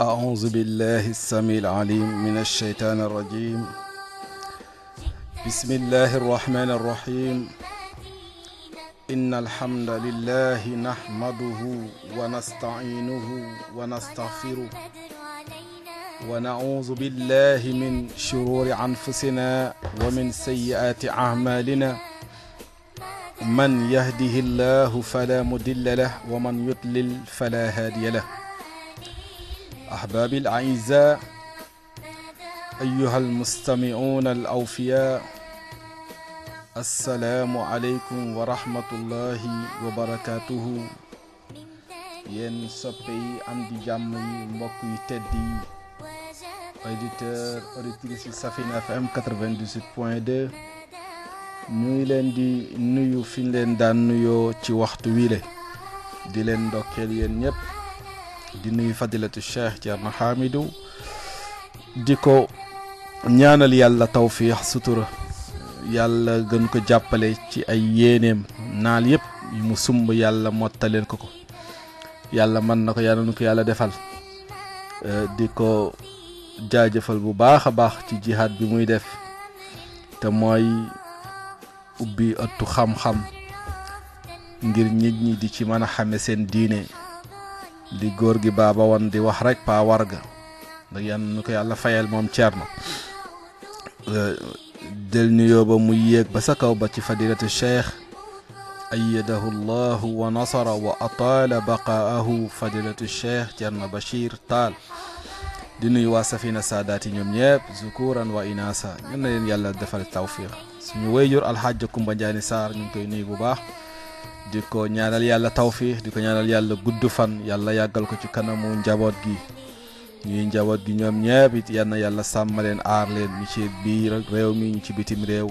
أعوذ بالله السميع العليم من الشيطان الرجيم بسم الله الرحمن الرحيم إن الحمد لله نحمده ونستعينه ونستغفره ونعوذ بالله من شرور أنفسنا ومن سيئات أعمالنا من يهده الله فلا مدل له ومن يضلل فلا هادي له أحبابي الأعزاء أيها المستمعون الأوفياء السلام عليكم ورحمة الله وبركاته yéen soppe yi am di jàmm yi mbokk yu tedd yi auditeur auditrice yi Safina FM 98 point 2 ñuy leen di nuyu fi ñu leen daan nuyoo ci waxtu wile di leen ndokkeel yéen ñëpp di nuyu fadilatu cheikh Thierno Hamidou di ko ñaanal yàlla tawfiix sutura yàlla gën ko jàppale ci ay yéeneem naal yëpp mu sumb yàlla mottaleen ko ko yàlla mën na ko yàlla nu ko yàlla defal euh, di ko jaajëfal bu baax a baax ci jihaad bi muy def te mooy ubbi ëttu xam-xam ngir nit ñi di ci mën a xame seen diine li góor gi baaba woon di wax rek paa warga ndax nu ko yàlla fayal moom Thierno eh, jël nuyoo ba mu yéeg ba sa kaw ba ci fadilatu cheikh ayadahu llahu wa nasara wa ataala baqaahu fadilatu cheikh Thierno Bachir Tall di nuyu waa safina saadaat yi ñoom ñëpp zukuran wa inasa ñun na leen yàlla defal tawfiq suñu wayjur alxaaja Kumba Njaani Sarr ñu ngi koy nuyu bu baax diko ñaanal yalla tawfiix diko ñaanal yalla guddu fan yalla yagal ko ci kanamu njabot gi ñi njabot gi ñom ñëpp it yal yalla samaleen ar leen aar ci biir rew mi ñi ci bitim rew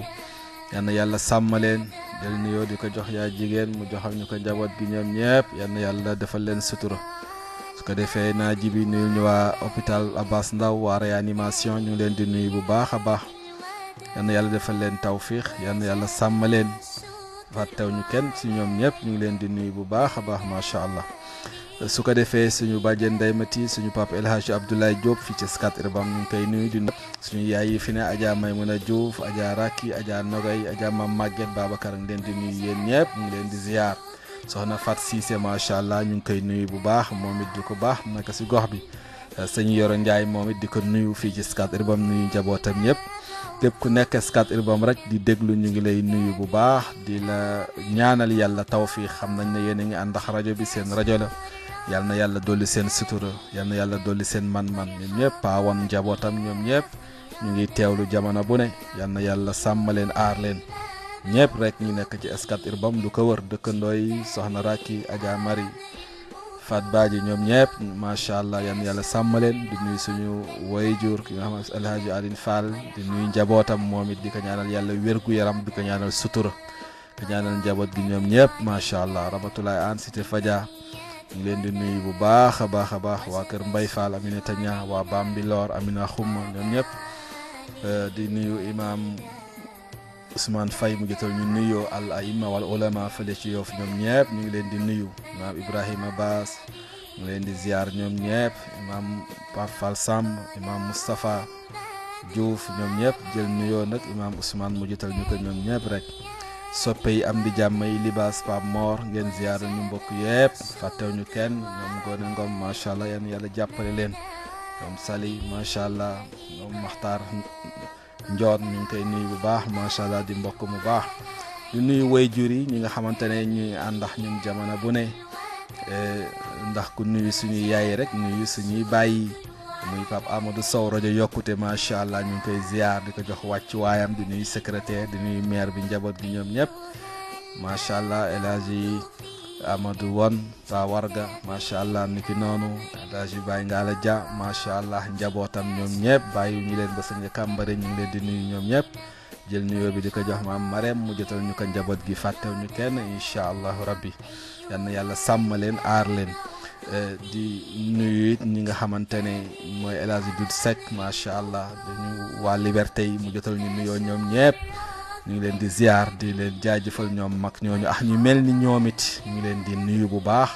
yal yalla samaleen sàmm leen del nuyoo di jox ya jigen mu joxal ñuko njabot gi ñom ñëpp yal yalla defal leen sutura su ko defé na jibi nuyu ñu wa hôpital abbas ndaw wa réanimation ñu leen di nuyu bu baaxa baax yal yalla defal leen tawfiq yal yalla samaleen leen fàttew ñu kenn si ñoom ñëpp ñu ngi leen di nuyu bu baax a baax macha allah su ko defee suñu bàjjen Ndeye Mati suñu papa El Hadj Abdoulaye Diop fii ci Scat Urbam ñu ngi koy nuyu di nuyu suñu yaay yi fi ne Adja a Diouf Adja Raki Adja Nogay Adja Mam Maguette Babacar leen di nuyu yéen ñëpp ñu leen di ziar soxna Fat Cissé macha allah ñu ngi koy nuyu bu baax moom it di ko baax naka si gox bi. Eh, sëñ Yoro Ndiaye momit diko di nuyu fi ci Scat Urbam nuyu njabootam ñep kep ku nekk rek di deglu ñu ngi lay nuyu bu baax di la ñaanal yalla tawfiq xam nañ ne yene a ngi ànd ak radio bi seen radio la yal na yàlla seen sutura yal na yàlla seen man-man ñep pa paawan jabotam ñom ñep ñu ngi tewlu jamana bu ne yal na yàlla leen rek ñu nekk ci Scat Urbam du ko wër dëkkandoo soxna raki Marie Fat Badji ñoom ñëpp macha allah yan yàlla sàmm leen di nuyu suñu wayjur ki nga xam ne El Hadj Aline Fall di nuyu njabootam moom it di ko ñaanal yàlla wérgu yaram di ko ñaanal sutura di ñaanal njaboot gi ñoom ñëpp macha allah rabatulaay an cité Fadia ñu leen di nuyu bu baax a baax a baax waa kër Mbay Fall Aminata Ña waa Bambilor Amina Xumma ñoom ñëpp eh, di nuyu imam Ousmane Faye mu jotal ñu nuyo al aima wal ulama fële ci yof ñom ñepp ñu ngi leen di nuyu imam Ibrahima Bass ñu leen di ziar ñom ñepp imam pap Fall Sam imam Mustapha Diouf ñom ñepp jël nuyo nak imam Ousmane mu jotal ñu ko ñoom ñepp rek soppe yi am di jàmm yi libaas Mor ngeen ziar ñu mbokk yépp fàttew ñu kenn ñoom goone ngom macha allah yéen yàlla jàppale leen ñoom Sali macha allah ñoom Makhtar njoon ñu ngi koy nuyu bu baax macha allah di mbokk mu baax di nuyu wayjur yi ñi nga xamante ne ñuy àndax ñun jamono bu ne eh, ndax ku nuyu suñu yaay rek nuyu suñuy bàyyi muy Pape Amadou Sow rajo yokkute macha allah ñu ngi koy ziar di ko jox wàcc waayam di nuyu secrétaire di nuyu maire bi njaboot bi ñoom ñëpp macha allah El Hadji Amadou Wan sa warga macha allah ni noonu noonu Alaaji Baye Ngala Dia macha allah njabootam ñoom ñëpp bàyyi ñu leen ba sëñ Kambare ñu leen di nuyu ñoom ñëpp jël nuyoo bi di ko jox am Marème mu jotal ñu ko njaboot gi fàttew ñu kenn incha allahu rabbi yal na yàlla sàmm leen aar leen. Eh, di nuyu it ñi nga xamante ne mooy El Hadji Diouf Seck macha allah dañu waa Liberté yi mu jotal ñu nuyoo ñoom ñëpp. ñu ngi leen di ziar di leen jaajëfal ñoom mag ñooñu ah ñu mel ni ñoom it ñu ngi leen di nuyu bu baax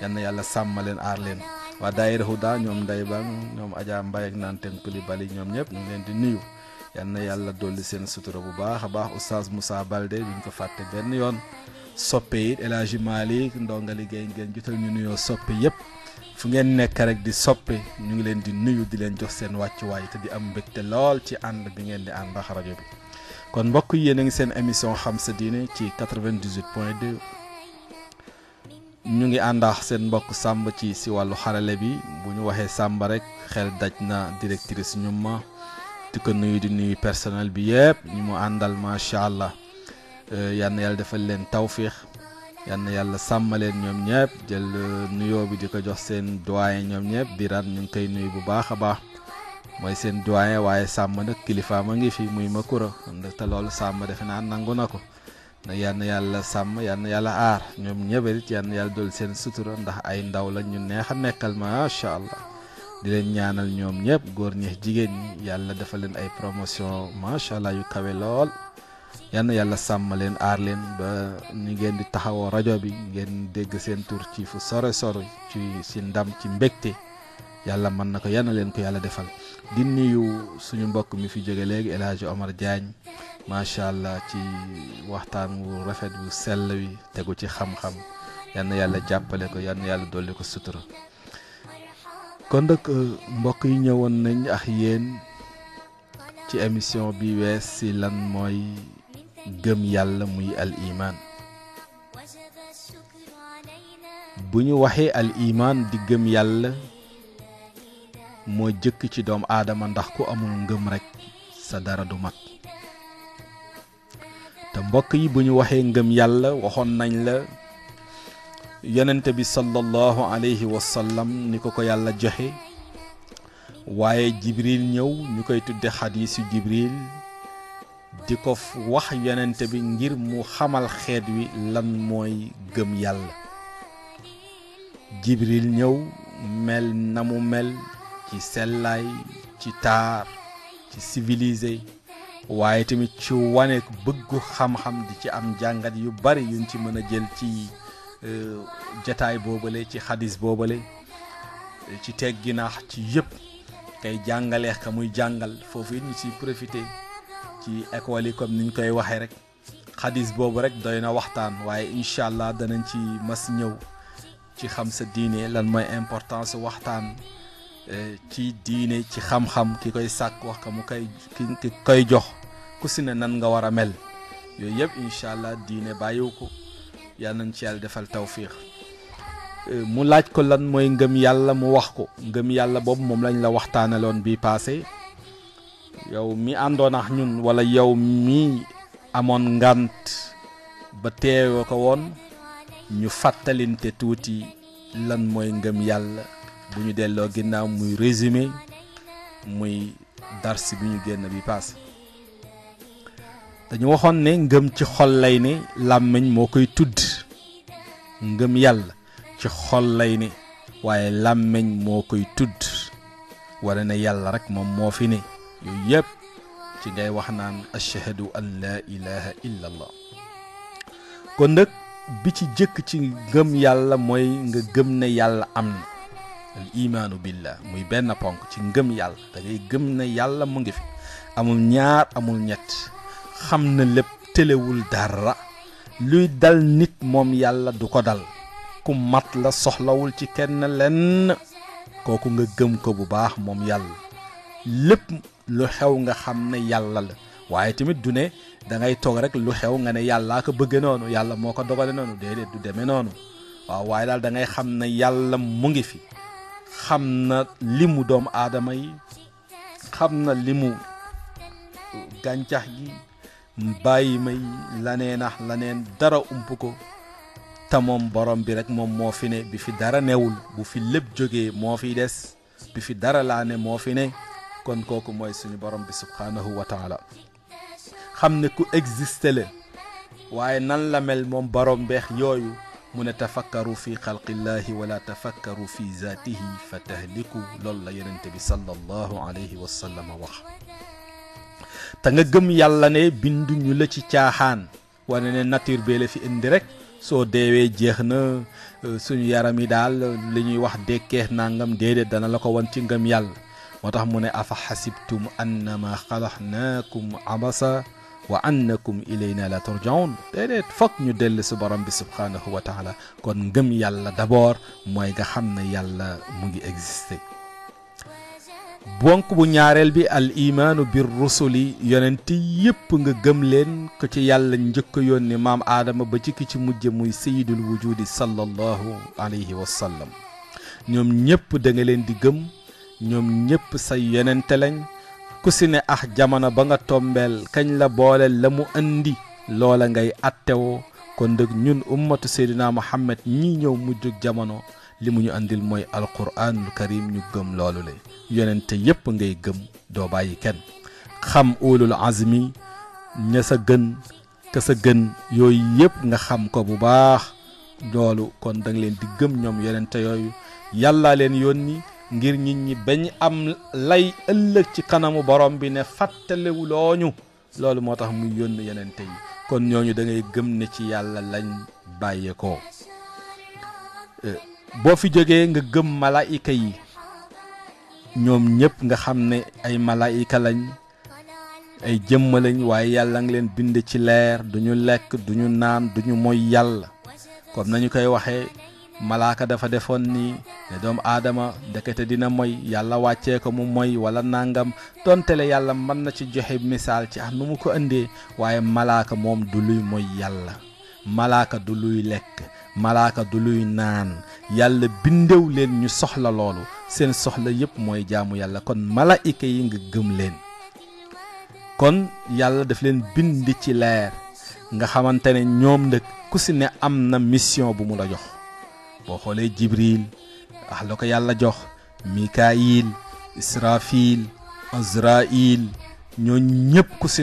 yal na yàlla sàmma leen aar leen waa daayira daa ñoom Ndeye Bang ñoom Adja Mbaye ak Nanteng Coulibaly ñoom ñëpp ñu ngi leen di nuyu yal na yàlla dolli seen sutura bu baax a baax oustaz Moussa Balde ñu ko fàtte benn yoon soppe it El Hadji Malick ndonga liggéey ngeen jotal ñu nuyoo soppe yëpp fu ngeen nekk rek di soppe ñu ngi leen di nuyu di leen jox seen wàccuwaay te di am mbégte lool ci ànd bi ngeen di ànd rajo bi kon mbokk yi yéen a ngi seen émission xam sa diine ci 98 point 2 ñu ngi àndaax seen mbokk sàmb ci si wàllu xarale bi bu ñu waxee sàmb rek xel daj na directrice ñu ma di ko nuyu di nuyu personnel bi yëpp ñu mu àndal macha allah euh, yal na yàlla defal leen tawfiix yal na yàlla sàmmaleen ñoom ñëpp jël euh, nuyoo bi di ko jox seen doyen ñoom ñëpp biran ñu ngi koy nuyu bu baax a baax. mooy seen doyen waaye sàmm nag kilifaam a ngi fi muy ma kura te loolu sàmm defe naa nangu na ko nag yal na yàlla sàmm yal yàlla aar ñoom ñëbarit yal na yàlla dool seen sutura ndax ay ndaw la ñu neex a nekkal macha allah di leen ñaanal ñoom ñëpp góor ñeex jigéen ñi yàlla dafa leen ay promotion macha allah yu kawe lool yal yàlla sàmm leen aar leen ba ni ngeen di taxawoo rajo bi ngeen dégg seen tur ci fu sore sore ci si ndam ci mbégte yàlla mën na ko yal na leen ko yàlla defal di nuyu suñu mbokk mi fi jóge léegi El Hadj Omar Diagne macha allah ci waxtaan wu rafet wu sell wi tegu ci xam-xam yàlla jàppale ko yal yàlla dolli ko sutura kon nag euh, mbokk yi ñëwoon nañ ax yéen ci émission bi wees si lan mooy gëm yàlla muy al iman bu ñu waxee al iman di gëm yàlla moo jëkk ci doom aadama ndax ku amul ngëm rekk sa dara du mat te mbokk yi bu ñu waxee ngëm yàlla waxoon nañ la yonente bi sallallahu alayhi wa sallam ni ko ko yàlla joxe waaye jibril ñëw ñu koy tudde xadiisu jibril di ko wax yonente bi ngir mu xamal xeet wi lan mooy gëm yàlla jibril ñëw mel na mu mel ci sellaay ci taar ci civilisé waaye tamit ci wane bëggu xam-xam di ci am jàngat yu bari yuñ ci mën a jël ci euh, jataay boobale ci xadis boobale ci teg tegginaax ci yëpp kay jàngaleex ka muy jàngal foofu it ñu si profité ci école yi comme niñ koy waxee rek xadis boobu rek doy na waxtaan waaye incha allah danañ ci mas ñëw ci xam sa diine lan mooy importance waxtaan Eh, ci diine ci xam-xam ki koy sàkk wax ko mu koy ki koy jox ku si nan nga war a mel yooyu yëpp incha allah diine bàyyiwu ko yal nañ ci yàlla defal tawfiix eh, mu laaj ko lan mooy ngëm yàlla mu wax ko ngëm yàlla boobu moom lañ la waxtaanaloon bii paase yow mi àndoon ak ñun wala yow mi amoon ngant ba teewe ko woon ñu fàttalinte tuuti lan mooy ngëm yàlla bu ñu delloo ginnaaw muy résumé muy dars bi ñu génn bi paase dañu waxoon ne ngëm ci xol lay ne làmmiñ moo koy tudd ngëm yàlla ci xol lay ne waaye làmmiñ moo koy tudd wala na yàlla rek moom moo fi ne yooyu yëpp ci ngay wax naan ashhadu an laa ilaha illa allah kon bi ci jëkk ci ngëm yàlla mooy nga gëm ne yàlla am na al imaanu billah muy benn ponk ci ngëm yàlla da gëm na yàlla mu ngi fi amul ñaar amul ñett xam na lépp tëlewul dara luy dal nit moom yàlla du ko dal ku mat la soxlawul ci kenn lenn kooku nga gëm ko bu baax moom yàlla lépp lu xew nga xam ne yàlla la waaye tamit du ne da toog rek lu xew nga ne yàlla yàllaa ko bëgge noonu yàlla moo ko dogale noonu déedéet du demee noonu waaw waaye daal da xam ne yàlla mu ngi fi xam na limu doomu aadama yi xam na li mu gàncax gi bàyyi may laneen ax laneen dara ump ko te moom borom bi rek moom moo fi ne bi fi dara newul bu fi lépp jógee moo fi des bi fi dara laa ne moo fi ne kon kooku mooy suñu borom bi subhaanahu wa taala xam ne ku existe la waaye nan la mel moom borom beex yooyu mu ne tafakkaru fi xalqillaahi wala tafakkaru fi zaatihi fa tahliku loolu la yonent bi sallallahu alayhi wa sallam wax te nga gëm yàlla ne binduñu la ci caaxaan wane ne nature bee la fi indi rek soo deewee jeex na suñu yaram yi daal li ñuy wax dékkee nangam déedéet dana la ko wan ci ngëm yàlla moo tax mu ne afa xasibtum annama xalaxnaakum abasa wa annakum ilayna la turjaun déedéet foog ñu dellu si borom bi subhanahu wa taala kon ngëm yàlla d'abord mooy nga xam ne yàlla mu ngi existé bonk bu ñaareel bi al imaanu bir rusuli yonent yépp nga gëm leen ko ci yàlla njëkk yónni maam aadama ba ci ki ci mujj muy sayidul wujudi sallallahu alayhi wa sallam ñoom ñépp da nga leen di gëm ñoom ñépp say yonente lañ ku si ne ah jamono ba nga tombeel kañ la boole la mu andi loola ngay attewoo kon nag ñun ummatu seydina muhammad ñii ñëw mujjug jamono li mu ñu indil mooy alquraanul karim ñu gëm loolu la yonente yépp ngay gëm doo bàyyi kenn xam ulul azmi ña sa gën ka sa gën yooyu yëpp nga xam ko bu baax loolu kon da leen di gëm ñoom yonente yooyu yàllaa leen yoon yónni ngir nit ñi bañ am lay ëllëg ci kanamu borom bi ne fàttalewulooñu loolu moo tax muy yónn yenente yi kon ñooñu da ngay gëm ne ci yàlla lañ bàyyeekoo euh, boo fi jógee nga gëm malaayika yi ñoom ñëpp nga xam ne ay malaayika lañ ay jëmma lañ waaye yàlla nga leen bind ci leer duñu lekk duñu naan duñu moy yàlla comme nañu koy waxee malaaka dafa defoon nii ne doomu aadama ndekete dina moy yàlla wàccee ko mu moy wala nangam donte le yàlla mën na ci joxe misaal ci ah nu mu ko indee waaye malaaka moom du luy moy yàlla malaaka du luy lekk malaaka du luy naan yàlla bindew leen ñu soxla loolu seen soxla yépp mooy jaamu yàlla kon malaayika yi nga gëm leen kon yàlla daf leen bind ci leer nga xamante ne ñoom nag ku si ne am na mission bu mu la jox boo xoolee jibril ah la ko yàlla jox mikail israfil azrail ñoo ñëpp ku si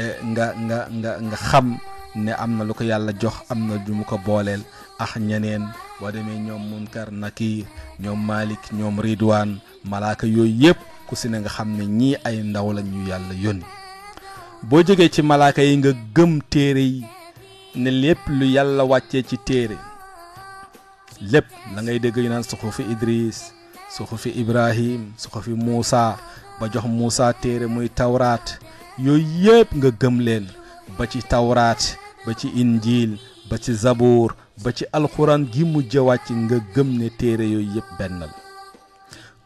eh, nga nga nga nga xam ne am na lu ko yàlla jox am na du mu ko booleel ax ñeneen boo demee ñoom munkar nakir ñoom malik ñoom ridwaan malaaka yooyu yëpp ku si nga xam ne ñii ay ndaw la ñu yàlla yónni boo jógee ci malaaka yi nga gëm téere yi ne lépp lu yàlla wàccee ci téere lépp la ngay dégg ñu naan suxufi Idris suxufi Ibrahim suxufi Moussa ba jox muusa téere muy tawraat yooyu yépp nga gëm leen ba ci tawraat ba ci injiil ba ci zabuur ba ci alxuraan gi mujj wàcc nga gëm ne téere yooyu yëpp benn la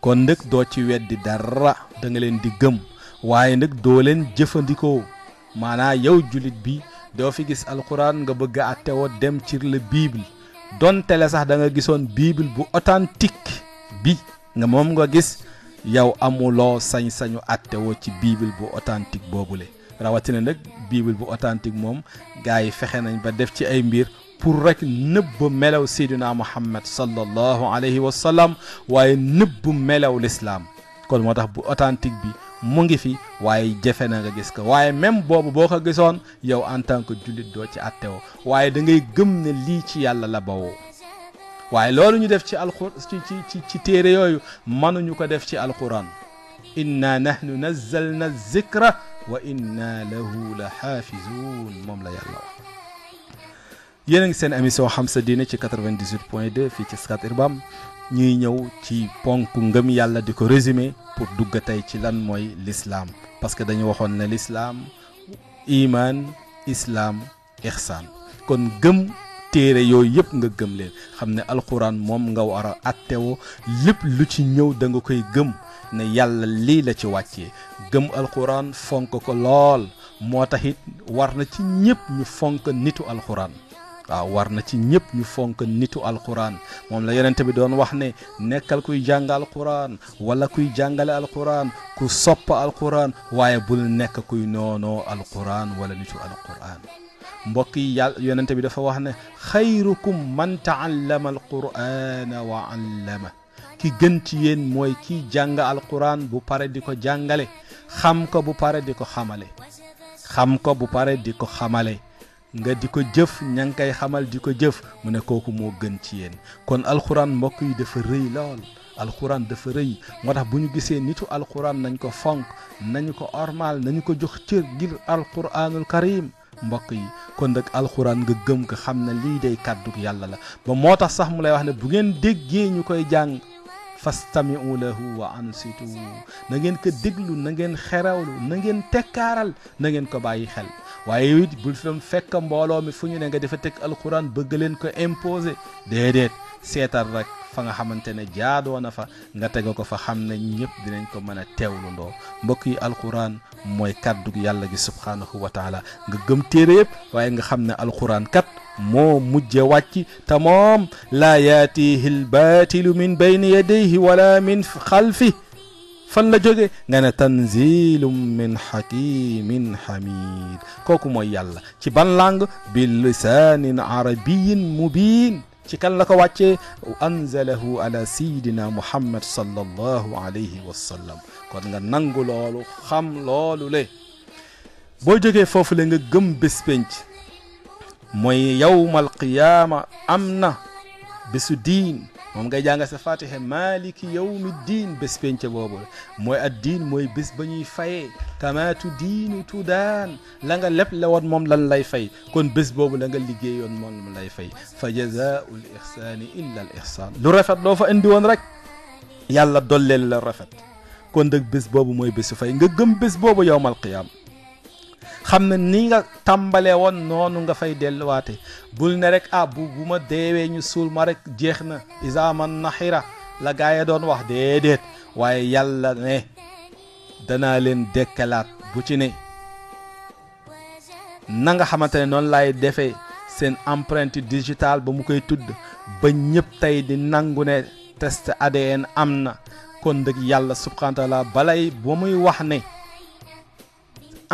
kon nag doo ci wet di dara danga leen di gëm waaye nag doo leen jëfandikoo maanaa yow jullit bi doo fi gis alxuraan nga bëgg a attewoo dem ci la bible donte la sax da nga gisoon bible bu authentique bi nga moom nga gis yow amuloo sañ-sañu attewoo ci bible bu authentique boobule rawatina nag bible bu authentique moom gars yi fexe nañ ba def ci ay mbir pour rek nëbb melaw seydina muhammad sallallahu alayhi wa sallam waaye nëbb melaw lislaam kon moo tax bu authentique bi mu ngi fi waaye jafe na nga gis ko waaye même boobu boo ko gisoon yow en tant que jullit doo ci attewoo waaye da ngay gëm ne lii ci yàlla la bawoo waaye loolu ñu def ci alqur ci ci ci ci téere yooyu mënuñu ko def ci alquran inna nahnu nazzalna zikra wa inna lahu la xaafizun moom la yàlla wax yéen a ngi seen émission xam sa diine ci 98 point 2 fii ci skat irbam ñuy ñëw ci ponk ngëm yàlla di ko résumer pour dugg tey ci lan mooy l'islaam parce que dañu waxoon ne l'islaam imaan islaam exsan kon gëm téere yooyu yëpp nga gëm leen xam ne alxuraan moom nga war a attewoo lépp lu ci ñëw danga koy gëm ne yàlla lii la ci wàccee gëm alxuraan fonk ko lool moo tax it war na ci ñëpp ñu fonk nitu alxuraan waaw war na ci ñëpp ñu fonk nitu alquran moom la yonent bi doon wax ne nekkal kuy jàng alquran wala kuy jàngale alquran ku sopp alquran waaye bul nekk noonoo alquran wala nitu yi yàlla bi dafa wax ne xayrukum man taallama alqurana wa allama ki gën ci yéen mooy kiy jàng alquran bu pare di ko jàngale xam ko bu pare di ko xamale ko bu pare di ko xamale nga di ko jëf ña ngi koy xamal di ko jëf mu ne kooku moo gën ci yéen kon alxuraan mbokk yi dafa rëy lool alxuraan dafa rëy moo tax bu ñu gisee nitu alxuraan nañ ko fonk nañu ko ormal nañu ko jox cër ngir alxuraanul karim mbokk yi kon nag alxuraan nga gëm ko xam ne lii day kàddug yàlla la ba moo tax sax mu lay wax ne bu ngeen déggee ñu koy jàng fastamiu lahu wa ansitu na ngeen ko déglu na ngeen xerawlu na ngeen tekkaaral na ngeen ko bàyyi xel waaye it bul fi fekk mbooloo mi fu ñu ne nga dafa teg alxuraan bëgg leen ko imposer déedéet seetal rek fa nga xamante ne jaadoo na fa nga teg ko fa xam ne ñëpp dinañ ko mën a teewlu ndoo mbokk yi alxuraan mooy kàddu yàlla gi subhaanahu wa taala nga gëm téere yëpp waaye nga xam ne alxuraan kat mo mujje wàcc te moom laa yaatihi lbaatilu min bayni yadayhi wala min khalfi fan la jóge ngana tanzilum min hakimin hamid koku moy yàlla ci ban lang bi lisanin arabiyyin mubin ci kan la ko wàccee anzalahu ala sayidina muhammad sallallahu alayhi wa sallam kon nga nangu loolu xam loolu le boo jógee foofu le nga gëm bespench moy yawmal qiyaama amna bisu din mom ngay jàng sa fatihe maliki yawmi din bés penc boobu moy ad din moy bés bañuy fayé kama tu din tu dan la nga lépp la won mom lan lay fay kon bés boobu la nga liggéeyoon moom lay fay fa jazaau l illa al ihsan lu rafet do fa indi won rek yàlla dolel la rafet kon deug bés boobu moy bes fay nga gëm bés boobu yawmal qiyaama xam na ni nga tàmbalee woon noonu nga fay delluwaate bul ne rek ah bu bu ma deewee ñu suul ma rek jeex na isaaman naxira la gaa yi doon wax déedéet waaye yàlla ne danaa leen dekkelaat bu ci ne na nga xamante ne noonu lay defee seen empreinte digital ba mu koy tudd ba ñëpp tey di nangu ne test ADN am na kon dëgg yàlla subhanahu bala taala ba muy wax ne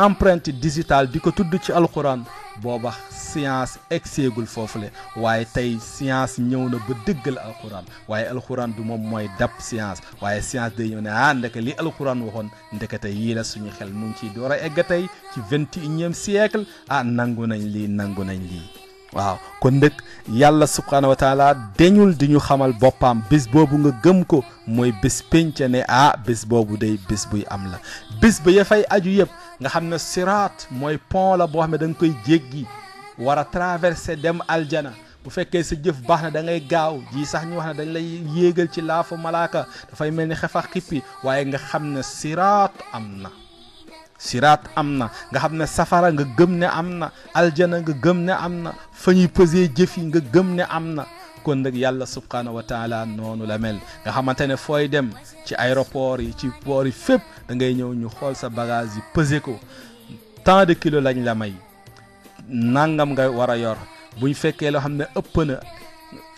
empreinte digitale di ko tudd ci alxuraan booba science egseegul foofule waaye tey science ñëw na ba dëggal alxuraan waaye alxuraan du moom mooy dab science waaye science day ñëw ne ah ndeke li alxuraan waxoon ndekete yii la suñu xel mu ngi ciy door a egg tey ci vingt et unième siècle ah nangu nañ lii nangu nañ lii. waaw kon nag yàlla subhaanahu wa taala di ñu xamal boppam bés boobu nga gëm ko mooy bés pénc ne ah bés boobu day bés buy am la nga xamne sirat moy pont la bo xamne dang koy jéggi wara traverser dem aljana bu fekke sa jëf baxna da ngay gaaw ji sax ñu wax ne dañ lay yéegal ci laafu malaka da fay melni xefax xippi waye nga xamne sirat amna sirat amna nga xamne safara nga gëm ne am aljana nga gëm ne am na fa jëf yi nga gëm ne am kon nag yàlla subhanahu wa taala nonu la mel nga xamantene foy dem ci aéroport yi ci port yi fep da ngay ñëw ñu xol sa bagage yi pesé ko tant de kilo lañ la may nangam nga wara yor buñ fekke lo xamne ëpp na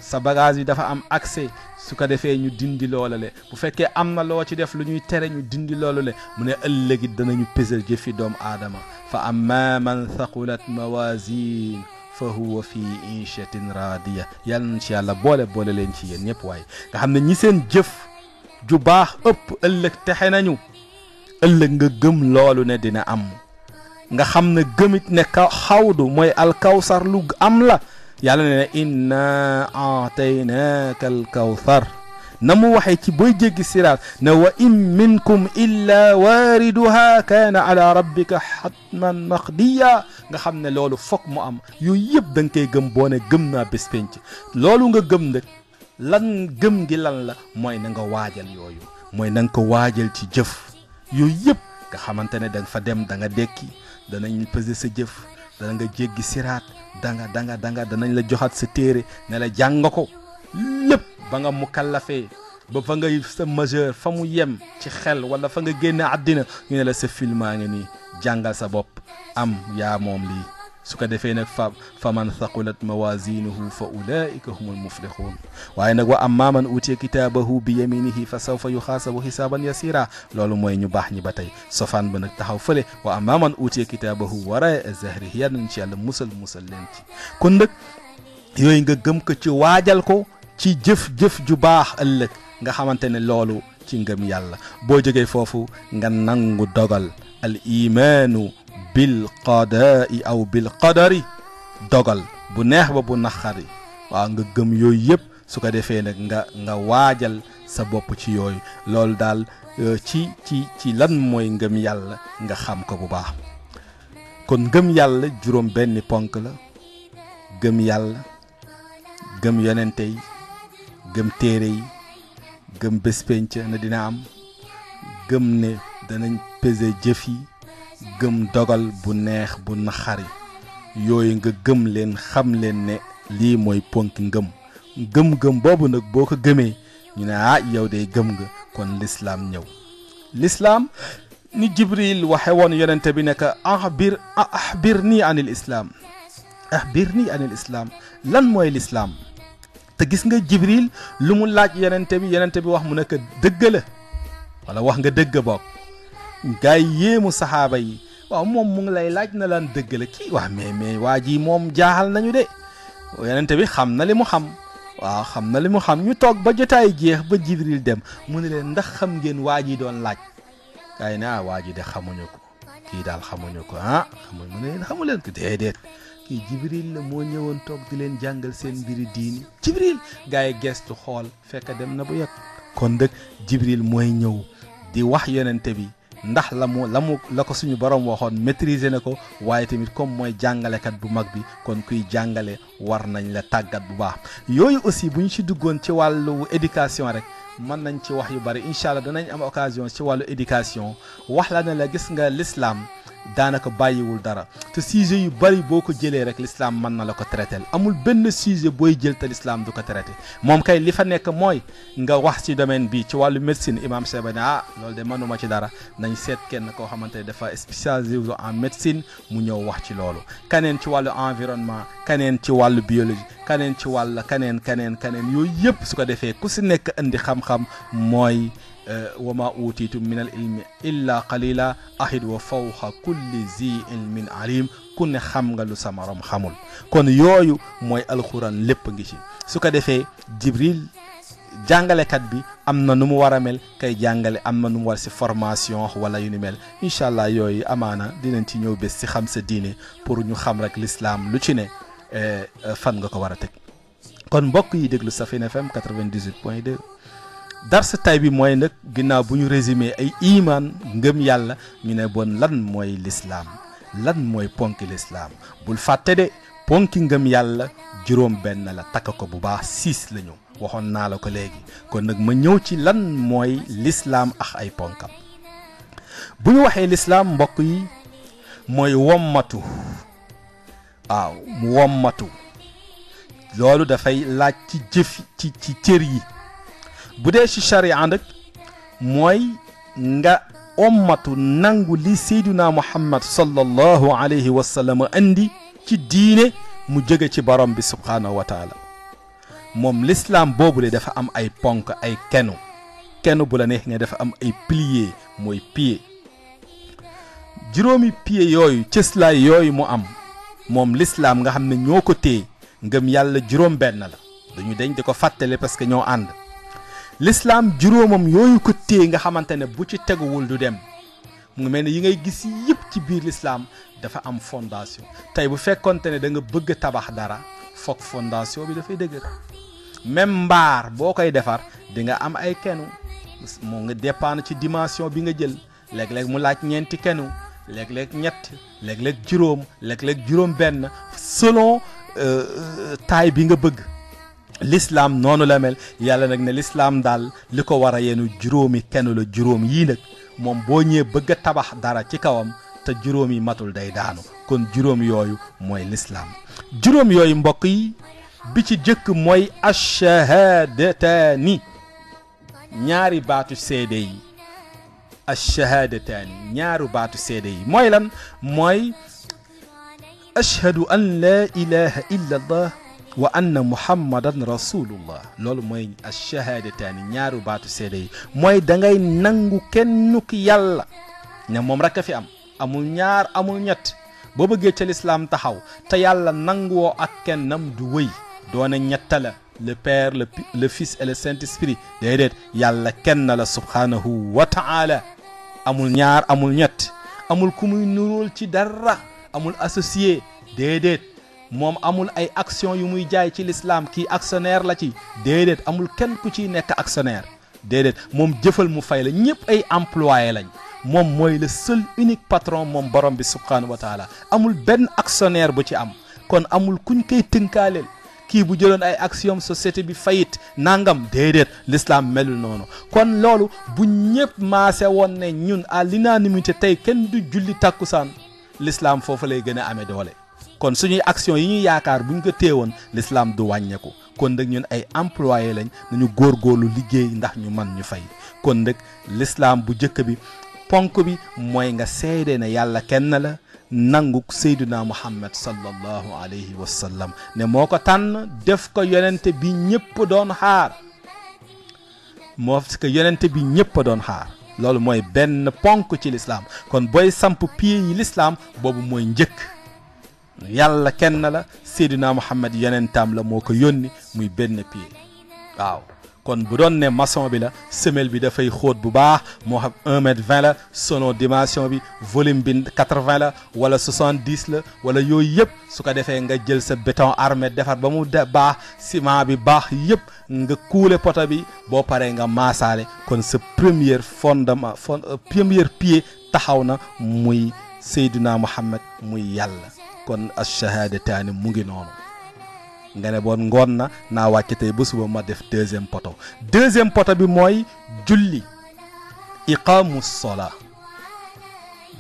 sa bagage yi dafa am accès su ko defee ñu dindi loolale bu fekkee am na loo ci def lu ñuy tere ñu dindi loolale mu ne ëllëgit danañu pesé jëfi doom aadama fa amma man thaqulat mawazin فهو في إنشة رادية يالا إن شاء الله بولا بولا لنشي ينيب واي غام نيسين جف جو باخ أب ألك تحينا نيو ألك نغم لولو ندينا أم nga xam ne gëmit ne ka xawdu mooy alkawsar lu am la yàlla ne na mu waxee ci booy jéggi siraat ne wa in minkum illa waariduha kaana ala rabbika xatman maqdiya nga xam ne loolu foog mu am yooyu yëpp da nga koy gëm boo ne gëm naa bés penc loolu nga gëm nag lan gëm gi lan la mooy na nga waajal yooyu mooy na nga ko waajal ci jëf yooyu yëpp nga xamante ne da nga fa dem da nga dekki danañ peser sa jëf dana nga jéggi siraat danga danga danga danañ la joxaat sa téere ne la jàng ko lépp ba nga mu ba fa ngay sa majeur fa mu yem ci xel wala fa nga génne addina ñu ne la sa filmaa ngi nii jàngal sa bopp am yaa moom lii su ko defee nag fa fa man thaqulat mawazinuhu fa ulaika humul muflixuun waaye nag wa amma man utiya kitaabahu bi yaminihi fa sawfa yuxaasabu xisaaban yasira loolu mooy ñu baax ñi ba tey sofaan ba nag taxaw fële wa amma man utiya kitaabahu waraya zahrihi yal nañ ci yàlla musal musal leen ci kon nag yooyu nga gëm ko ci waajal ko ci jëf-jëf ju baax ëllëg nga xamante ne loolu ci ngëm yàlla boo jógee foofu nga nangu dogal al imaanu bil qadaai aw bil qadari dogal bu neex ba bu naqari waaw nga gëm yooyu yëpp su ko defee nag nga nga waajal sa bopp ci yooyu loolu daal euh, ci ci ci lan mooy ngëm yàlla nga xam ko bu baax kon ngëm yàlla juróom benn ponk la gëm yàlla gëm yeneen tey gëm téere yi gëm bés pénc ne dina am gëm ne danañ pese jëf yi gëm dogal bu neex bu naxari yooyu nga gëm leen xam leen ne lii mooy ponk ngëm gëm-gëm boobu nag boo ko gëmee ñu ne ah yow day gëm nga kon lislaam ñëw lislaam ni jibril waxe woon yonente bi nekk ahbir ahbir nii an il islaam ahbir nii an islaam lan mooy lislaam te gis nga jibril lu mu laaj yenente bi yenente bi wax mu ne ko dëgg la wala wax nga dëgg bokk gaa yi yéemu saxaaba yi waaw moom mu ngi lay laaj na laan dëgg la kii waa mais mais waa ji moom jaaxal nañu de yenente bi xam na li mu xam waaw xam na li mu xam ñu toog ba jotaay jeex ba jibril dem mu ne leen ndax xam ngeen waa ji doon laaj gaa yi ne ah waa ji de xamuñu ko kii daal xamuñu ko ah xamuñ mu ne leen xamu leen ko déedéet kii jibril la moo ñëwoon toog di leen jàngal seen mbiri diini jibril gars yi gestu xool fekk dem na bu yàgg kon dëkk jibril mooy ñëw di wax yonente bi ndax la mu la mu la ko suñu borom waxoon maîtriser na ko waaye tamit comme mooy jàngalekat bu mag bi kon kuy jàngale war nañ la tàggat bu baax yooyu aussi bu ñu ci duggoon ci wàllu éducation rek mën nañ ci wax yu bari incha allah danañ am occasion ci wàllu éducation wax la ne la gis nga lislaam daanaka bàyyiwul dara te sujet yu bari boo ko jëlee rek l'islam mën na la ko traité amul benn sujet booy jël te l'islam du ko traité moom kay li fa nekk mooy nga wax ci domaine bi ci wàllu médecine imam Seba ne ah loolu de mënuma ci dara nañ seet kenn koo xamante ne dafa spécialisé en médecine mu ñëw wax ci loolu kaneen ci wàllu environnement kaneen ci wàllu biologie kaneen ci wàll kaneen kaneen kaneen yooyu yëpp su ko defee ku si nekk indi xam mooy وما أوتيتم من العلم إلا قليلا أحد وفوق كل ذي علم عليم ku ne xam nga lu sa morom xamul kon yooyu mooy alxuraan lépp ngi ci su ko defee jibril jàngalekat bi am na nu mu war a mel kay jàngale am na nu mu war si formation wala yu ni mel incha allah yooyu amaana dinañ ci ñëw bés si xam sa diine pour ñu xam rek lislaam lu ci ne fan nga ko war a teg kon mbokk yi déglu Safin FM 98 point 2 darsa tay bi mooy nag ginnaaw bu ñu résumé ay imaan ngëm yàlla ñu ne bon lan mooy lislaam lan mooy ponki lislaam bul fàtte de ponki ngëm yàlla juróom benn la takk ko bu baax siis la waxoon naa la ko léegi kon nag ma ñëw ci lan mooy lislaam ak ay ponkam bu ñu waxee lislaam mbokk yi mooy wommatu waaw mu wommatu loolu dafay laaj ci jëf ci ci cër yi bu dee ci charia nag mooy nga ommatu nangu li seyduna muhammad sallallahu alayhi wa sallam andi ci diine mu jóge ci borom bi subhaanahu wa taala moom lislaam boobule dafa am ay ponk ay kenu kenu bu la neex nga dafa am ay pilier mooy pied juróomi pied yooyu cëslaay yooyu mu am moom lislaam nga xam ne ñoo ko téye ngëm yàlla juróom benn la duñu deñ di ko fàttale parce que ñoo ànd lislaam juróomam yooyu ko téye nga xamante ne bu ci teguwul du dem mu ngi mel ne yi ngay gis yëpp ci biir lislaam dafa am fondation tey bu fekkonte ne da nga bëgg tabax dara foog fondation bi dafay dëgër même mbaar boo koy defar di nga am ay kenu mu nga dépendre ci dimension bi nga jël léeg-léeg mu laaj ñeenti kenu léeg-léeg ñett léeg-léeg juróom léeg-léeg juróom benn selon euh, euh, taille bi nga bëgg l'islam nonu la mel yàlla nak ne l'islam dal liko wara yenu juromi kenu lo jurom yi nak mom bo ñe bëgg tabax dara ci kawam te juróom yi matul day daanu kon jurom yoyu moy l'islam jurom yoyu mbokk yi bi ci moy ash-shahadatani ñaari baatu cede yi ash-shahadatani ñaaru baatu cede yi moy lan moy ashhadu an la ilaha illa allah وأن محمد رسول الله لول موي الشهادة تاني نيارو باتو سيدي موي دنغي ننغو كنوك يالا نعم ممرك في أم أمو نيار أمو نيات بوبو جيت الإسلام تحاو تا يالا ننغو أكن نم دوي دوانا نياتالا le père le, le fils et le saint esprit dedet yalla kenn la subhanahu wa ta'ala amul ñaar amul ñet amul kumuy nurul ci dara amul associé dedet moom amul ay action yu muy jaay ci lislaam kii actionnaire la ci déedéet amul kenn ku ci nekk actionnaire déedéet moom jëfal mu fay la ñëpp ay employé lañ moom mooy le seul unique patron moom borom bi subhanahu wa amul benn actionnaire bu ci am kon amul kuñ koy tënkaaleel kii bu jëloon ay action société bi fayit nangam déedéet l'islam melul noonu kon loolu bu ñëpp maase woon ne ñun à l'unanimité tey kenn du julli tàkkusaan l'islam foofu lay gën a amee doole kon suñuy action yi ñuy yaakaar buñ ko téewoon l'islam du wàññeeku kon nag ñun ay employé lañ nañu góorgóorlu liggéey ndax ñu man ñu fay kon nag l'islam bu jëkk bi ponk bi mooy nga seede na yàlla kenn la nangu seyduna muhammad sallallahu alayhi wa sallam ne moo ko tànn def ko yonente bi ñëpp doon xaar moo ko yenent bi ñëpp doon xaar loolu mooy benn ponk ci lislaam kon booy samp pied yi lislaam boobu mooy njëkk yàlla kenn la Seydina Muhammad yenentaam la moo ko yónni muy benn pied waaw kon bu doon nee maçon bi la semelle bi dafay xóot bu baax moo xam 1 mètre 20 la selon dimension bi volume bi 80 la wala 70 la wala yooyu yëpp su ko defee nga jël sa beton armé defar ba mu baax ciment bi baax yëpp nga kuule poto bi boo paree nga maasaale kon sa première fondement fond euh, première pied taxaw na muy Seydina Muhammad muy yàlla kon ash-shahadataani mu ngi noonu nga boon ngoon na naa wàcc tey ba ma def deuxième poto deuxième poto bi mooy julli iqaamu sola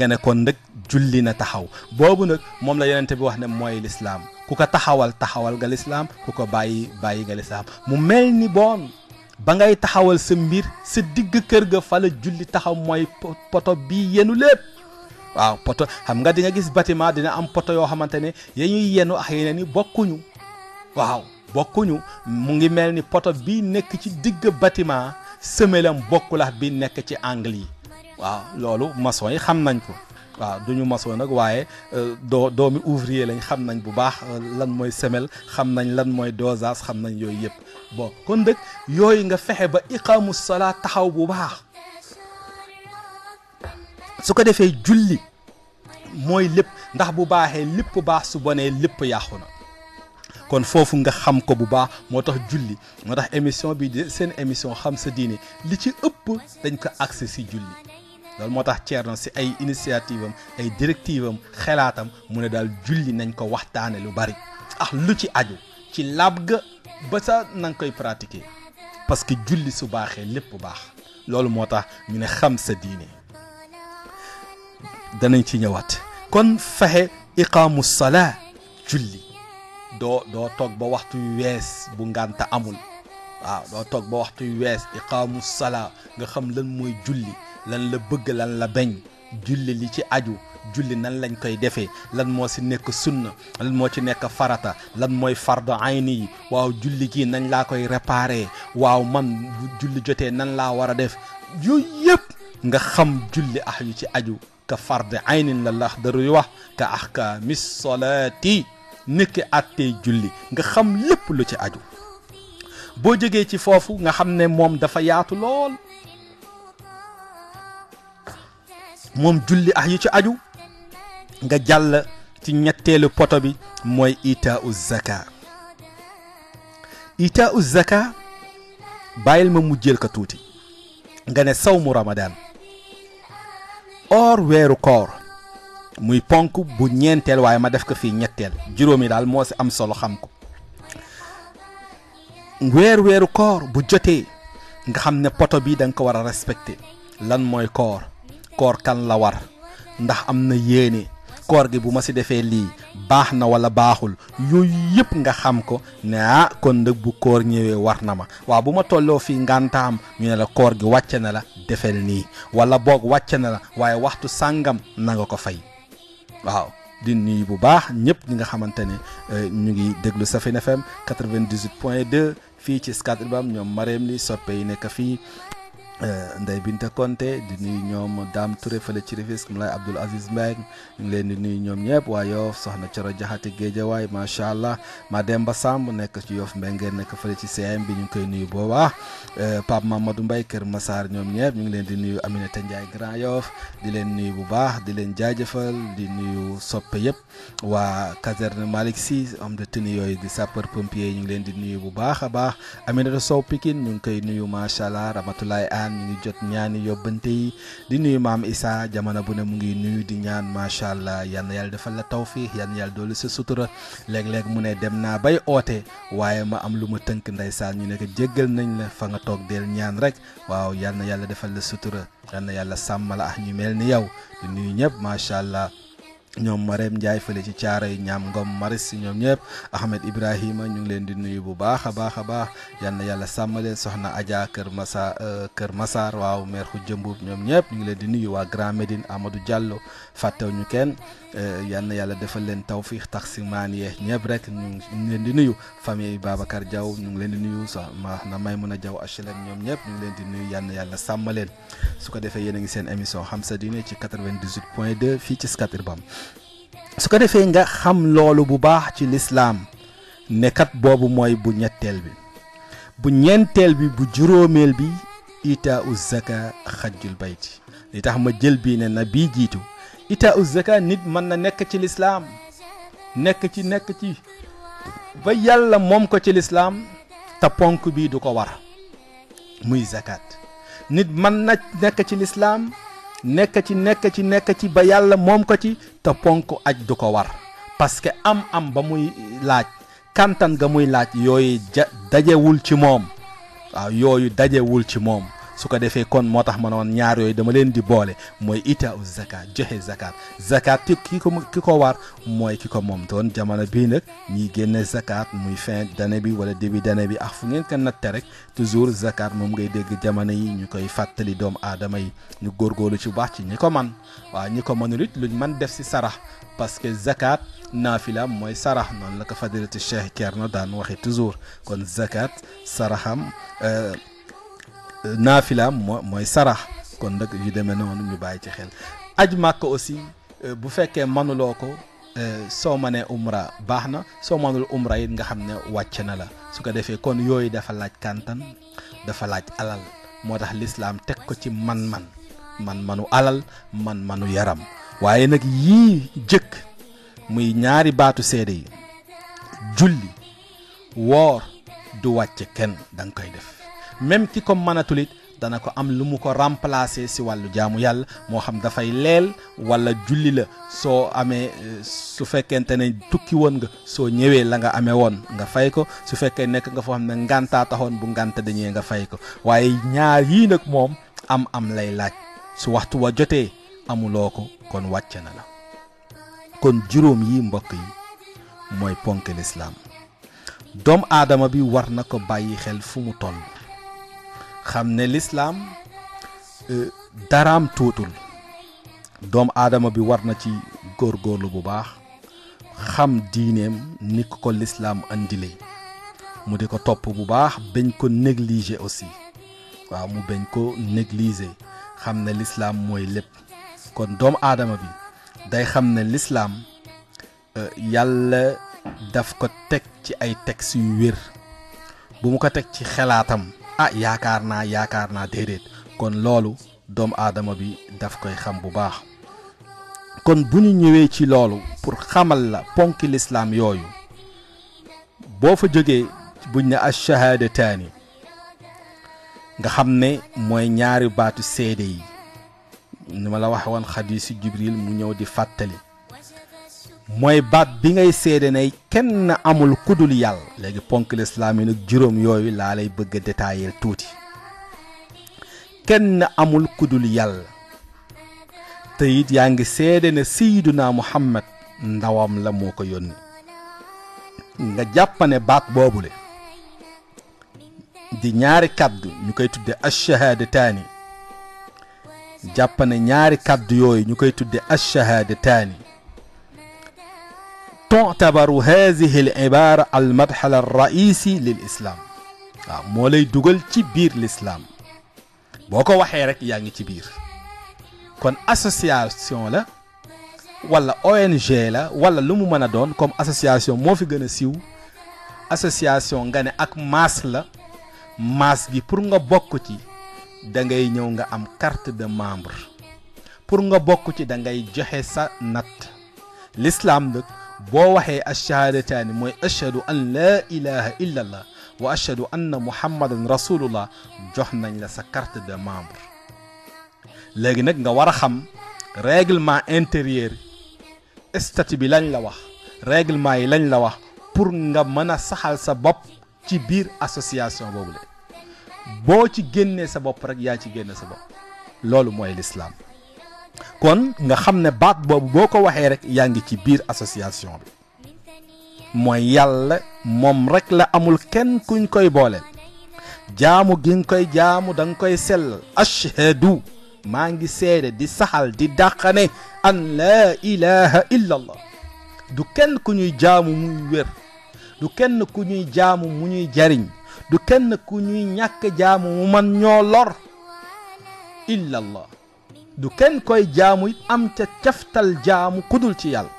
nga kon nag julli na taxaw boobu nag moom la yonente bi wax ne mooy lislaam ku ko taxawal taxawal nga lislaam ku ko bàyyi bàyyi nga lislaam mu mel ni boon ba ngay taxawal sa mbir sa digg kër ga fa la julli taxaw mooy poto bii yenu lépp waaw poto xam nga di nga gis bâtiment dina am poto yoo xamante ne ya ñuy yenu ak yeneen bokkuñu waaw bokkuñu mu ngi mel ni poto bi nekk ci digg bâtiment sëmelam bokkul ak bi nekk ci angle yi waaw loolu mason yi xam nañ ko waaw duñu mason nag waaye euh, doo doomi ouvrier lañ xam nañ bu baax euh, lan mooy semel xam nañ lan mooy dosage xam nañ yooyu yëpp bon kon dëkk yooyu nga fexe ba iqaamu salaa taxaw bu baax su ko defee julli mooy lépp ndax bu baaxee lépp baax su bonee lépp yàqu na kon foofu nga xam ko bu baax moo tax julli moo tax émission bi seen émission xam sa diine li ci ëpp dañ ko accès si julli loolu moo tax Thierno si ay initiative am ay directive am xelaatam mu ne daal julli nañ ko waxtaane lu bari ax lu ci aju ci lab ga ba sa na nga koy pratiquer parce que julli su baaxee lépp bu baax loolu moo tax ñu ne xam sa diine danañ ci ñëwaat kon fexe iqaamu salaa julli doo doo toog ba waxtu wees bu ngànta amul waaw doo toog ba waxtu wees iqaamu salaa nga xam lan mooy julli lan la bëgg lan la beñ julli li ci aju julli nan lañ koy defee lan moo si nekk sunna lan moo ci nekk farata lan mooy fardu ayni yi waaw julli gii nañ laa koy réparé waaw man julli jotee nan laa war a def yooyu yëpp nga xam julli ax yu ci aju كفرض عين لله دروا كأحكام الصلاة نك أتي جلي نخم لب لو تأجو بوجي تي فوفو نخم نموم دفعات لول موم جلي أحيو تأجو nga jàll ci ñetteelu poto bi mooy ita u zaka ita u zaka bàyyil ma mujjeel ka tuuti nga ne saw mu ramadan or weeru koor muy ponk bu ñeenteel waaye ma def ko fii ñetteel juróom juróomi daal moo ci am solo xam ko weer weeru koor bu jotee nga xam ne poto bi da ko war a respecté lan mooy koor koor kan la war ndax am na yéene koor gi bu ma si defee lii baax na wala baaxul yooyu yépp nga xam ko ne ah kon nag bu koor ñëwee war na ma waa bu ma tolloo fii ngàntaam ñu ne la koor gi wàcce na la defel nii wala boog wàcce na la waaye waxtu sàngam na nga ko fay waaw di nuyu bu baax ñëpp ñi nga xamante ne euh, ñu ngi déglu Safin FM 98 point 2 fii ci Scat Urbam ñoom Marème li soppe yi nekk fii Euh, Ndeye Binta Konté di nuyu ñoom Dame Touré fële ci Rufisque Moulay Abdoul Aziz Mbengue ñu ngi leen di nuyu ñoom ñëpp waa Yoff soxna Coro Jaxate waay macha allah ma Mademba Samb nekk ci Yoff Mbengue nekk fële ci CM bi ñu ngi koy nuyu boobaa euh, Pape Mamadou Mbaye Kër Massar ñoom ñëpp ñu ngi leen di nuyu Aminata Ndiaye Grand Yoff di leen nuyu bu baax di leen jaajëfal di nuyu soppe yëpp waa caserne Malick Sy homme de tenue yooyu di sapeur pompier ñu ngi leen di nuyu bu baax a baax Aminata Sow Pikine ñu ngi koy nuyu macha allah Ramatoulaye ñaan ñu ngi jot ñaani yóbbante yi di nuyu maam Issa jamono bu ne mu ngi nuyu di ñaan macha allah yal na yàlla defal la tawfiix yal na yàlla doolu sa sutura léeg-léeg mu ne dem naa bay oote waaye ma am lu ma tënk ndey saan ñu nekk ko nañ la fa nga toog del ñaan rek waaw yal na yàlla defal la sutura yal na yàlla sàmmal ah ñu mel ni yow di nuyu ñëpp macha allah. ñoom Marème Ndiaye fale ci caara yi ñaam ngom maris si ñoom ñëpp Ahmed Ibrahima ñu ngi leen di nuyu bu baax a baax a baax yal na yàlla sàmmalee soxna Adja Kër Massa euh, Kër Massar waaw meer Khoudia Mboup ñoom ñëpp ñu ngi leen di nuyu waa Grand Médine Amadou Diallo fàttew ñu kenn euh, yal na yàlla defal leen tawfiix maan yee ñëpp rek ñu leen di nuyu famille Babacar jaw ñu ngi leen di nuyu sax na a Diaw HLM ñoom ñëpp ñu ngi leen di nuyu yal yàlla sàmm leen su ko defee yéen a ngi seen émission xam sa diine ci 98 point 2 fii ci Scat Urbam su ko defee nga xam loolu bu baax ci lislaam nekkat boobu mooy bu ñetteel bi bu ñeenteel bi bu juróomeel bi ita u zaka xajjul bayti li tax ma jël bii ne na bii jiitu itaa u zaka nit mën na nekk ci lislaam nekk ci nekk ci ba yàlla moom ko ci lislaam te ponk bii du ko war muy zakat nit mën na nekk ci lislaam nekk ci nekk ci nekk ci ba yàlla moom ko ci te ponk aj du ko war parce que am am ba muy laaj kàntan ga muy laaj yooyu ja dajewul ci moom waaw yooyu dajewul ci moom su ko defee kon moo tax ma ne woon ñaar yooyu dama leen di boole mooy ita zakat joxe zakat zakat ki ki ko ki ko war mooy ki ko moom toon jamono bii nag ñiy génne zakat muy fin d'année bi wala début d'année bi ak fu ngeen ko natte rek toujours zakat moom ngay dégg jamono yi ñu koy fàttali doomu aadama yi ñu góorgóorlu ci baax ci ñi ko man waaw ñi ko mënul luñ mën def si sarax parce que zakat naafila mooy sarax noonu la ko fadilati cheikh Thierno daan waxe toujours kon zakat saraxam naafilaam moo mooy sarax kon nag yu demee noonu ñu bàyyi ci xel aj màkk aussi euh, bu fekkee manuloo ko euh, soo manee umra baax na soo mënul umra it nga xam ne wàcce na la su ko defee kon yooyu dafa laaj kàntan dafa laaj alal moo tax lislaam teg ko ci man-man man-manu alal man-manu yaram waaye nag yii jëkk muy ñaari baatu seede yi julli woor du wàcc kenn da nga koy def même ki ko mënatul it dana ko am lu mu ko remplacer si wàllu jaamu yàlla moo xam dafay leel wala julli la soo amee euh, su fekkente ne tukki woon nga soo ñëwee la nga amee woon nga fay ko su fekkee nekk nga foo xam ne ngantaa taxoon bu ngante dañee nga fay ko waaye ñaar yii nag moom am am lay laaj su waxtu wa jotee amuloo ko kon wàcc na la kon juróom yi mbokk yi mooy ponk lislaam doom aadama bi war na ko bàyyi xel fu mu toll xamne l'islam daram tutul dom adama bi warna ci gor gorlu bu bax xam dinem ni ko l'islam andile mu diko top bu bax beñ ko négliger aussi wa mu beñ ko négliger xamne l'islam moy lépp kon dom adama bi day xamne l'islam yàlla daf ko tek ci ay textes yu wir bu mu ko tek ci xelatam ah yaakaar naa yaakaar naa déedéet kon loolu doomu aadama bi daf koy xam bu baax kon bu ñu ñëwee ci loolu pour xamal la ponk lislaam yooyu boo fa jógee buñ ne ash-shahaadataani nga xam ne mooy ñaari baatu seede yi ni ma la waxe woon xadiisu jibril mu ñëw di fàttali mooy baat bi ngay seede ne kenn amul kudul yàlla léegi ponk lislaam yi nag juróom yooyu laa lay bëgg a tuuti kenn amul kudul yàlla te it yaa ngi seede na ne sayyiduna muhammad ndawam la moo ko yónni nga jàppane baat boobule di ñaari kàddu ñu koy tudde ash-shahaadataani jàppane ñaari kàddu yooyu ñu koy tudde ash-shahaadataani تعتبر هذه العبارة المرحلة الرئيسي للإسلام آه، مولاي دوغل تبير الإسلام بوكو واحد رك يعني تبير كون أساسياسيون لا ولا ONG لا ولا لومو مانا دون كوم أساسياسيون مو في غنى سيو أساسياسيون غنى أك ماس لا ماس جي pour nga bokku ci da ngay ñew nga am carte de pour nga bokku ci da ngay joxe sa nat l'islam nak بوحي الشهادتان مي أشهد أن لا إله إلا الله وأشهد أن محمد رسول الله جهنا إلى سكرت دمامر لكن نجا ورخم رجل ما انتريير استتبي لن لوح رجل ما يلن لوح pour nga mën a saxal sa bopp ci biir association boobu la boo ci génnee sa bopp rek yaa ci génne sa bopp loolu mooy l'islam kon nga xam ne baat boobu boo ko waxee rek yaa ngi ci biir association bi mooy yàlla moom rekk la amul kenn kuñ koy booleel jaamu gi nga koy jaamu danga koy sellal ashhadu maa ngi seede di saxal di dàqane an laa ilaha illa du kenn ku ñuy jaamu muy wér du kenn ku ñuy jaamu mu ñuy jariñ du kenn ku ñuy ñàkk jaamu mu man ñoo lor illa du ken koy jaamu am ca tiaftal jaamu kudul ci yàlla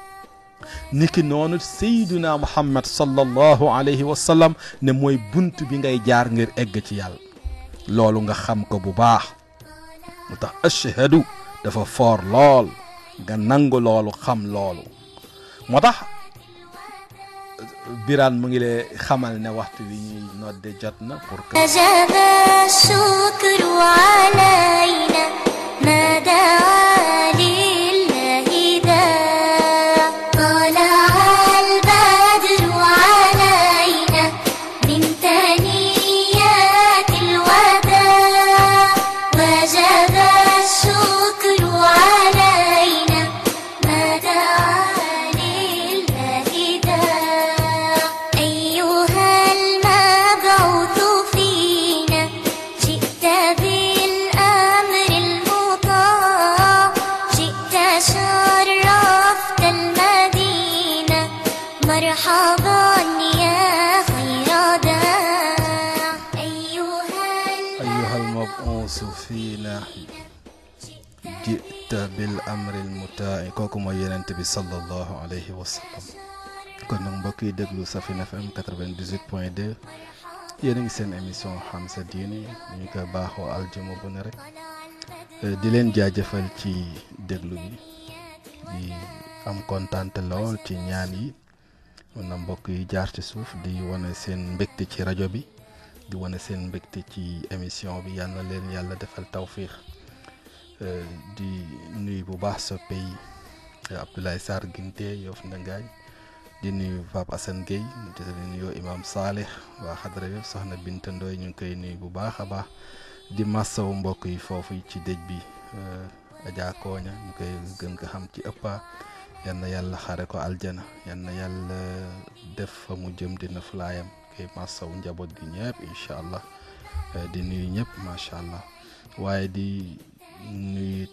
niki noonu sayduna muhammad sallallahu alayhi wa sallam ne mooy bunt bi ngay jaar ngir egg ci yàlla loolu nga xam ko bu baax mu tax ashhadu dafa for lool nga nangu loolu xam loolu moo tax biraan mu ngi lay xamal ne waxtu wi ñuy nodde jot na pour que 我的。sallallahu alayhi wa sallam kon nag mbokk yi déglu Safina FM 98 point 2 yéen a ngi seen émission xam sa diine ñu ko baaxoo aljuma bu ne rek euh, di leen jaajëfal ci déglu bi di am kontaante lool ci ñaan yi mun na mbokk yi jaar ci suuf di wane seen mbégte ci rajo bi di wane seen mbégte ci émission bi yal leen yàlla defal tawfiix euh, di nuyu bu baax soppe yi Abdoulaye Sarr Ginte Yof Ndangaay di nuyu Pape Assane Gueye di nuyu Imaam Saleh waa xadra yëpp soxna Binta Ndoye ñu ngi koy nuyu bu baax a baax di massawu mbokk yi foofu ci dëj bi euh, Adja Koña ñu koy gën ko xam ci ëppa yal na yàlla xare ko aljana yal na yàlla def fa mu jëm dina flaayam koy massawu njaboot gi ñëpp incha allah euh, di nuyu ñëpp macha allah waaye di. nuyu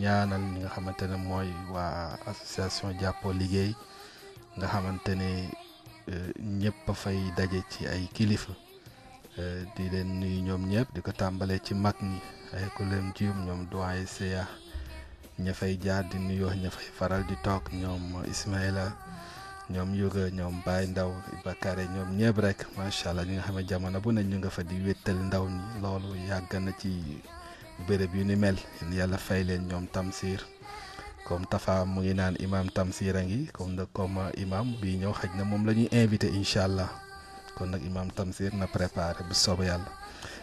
ñaanal ñi nga xamante ne mooy waa association jàppoo liggéey nga xamante ne eh, ñëpp fay daje ci ay kilifa eh, di leen nuyu ñoom ñëpp di ko tàmbalee ci mag ñi ay ku leen jium ñoom doyen Seya ña fay jaar di nuyu ña fay faral di toog ñoom Ismaïla ñoom Yuga ñoom Baye Ndaw Bakare ñoom ñëpp rek macha allah ñi nga xam ne jamono bu ne ñu nga fa di wéttal ndaw ñi loolu yàgg na ci. béréb yu ni mel yàlla fay leen ñoom Tamsir comme Tafa mu ngi naan imaam Tamsir a ngi comme nag comme ah, imaam bii ñëw xaj na moom la ñuy invité incha allah kon nag imaam Tamsir na préparé bu soobee yàlla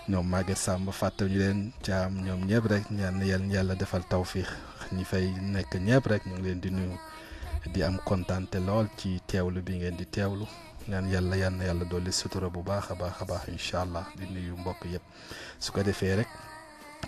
ñoom Maguette Samb fàtte ñu leen caam ñoom ñëpp rek ñaan yàlla yàlla defal tawfiix ñu fay nekk ñëpp rek ñu ngi leen di nuyu di am kontante lool ci teewlu bi ngeen di teewlu. ñaan yàlla yal na yàlla dolli sutura bu baax a baax a baax incha allah di nuyu mbokk yëpp su ko defee rek.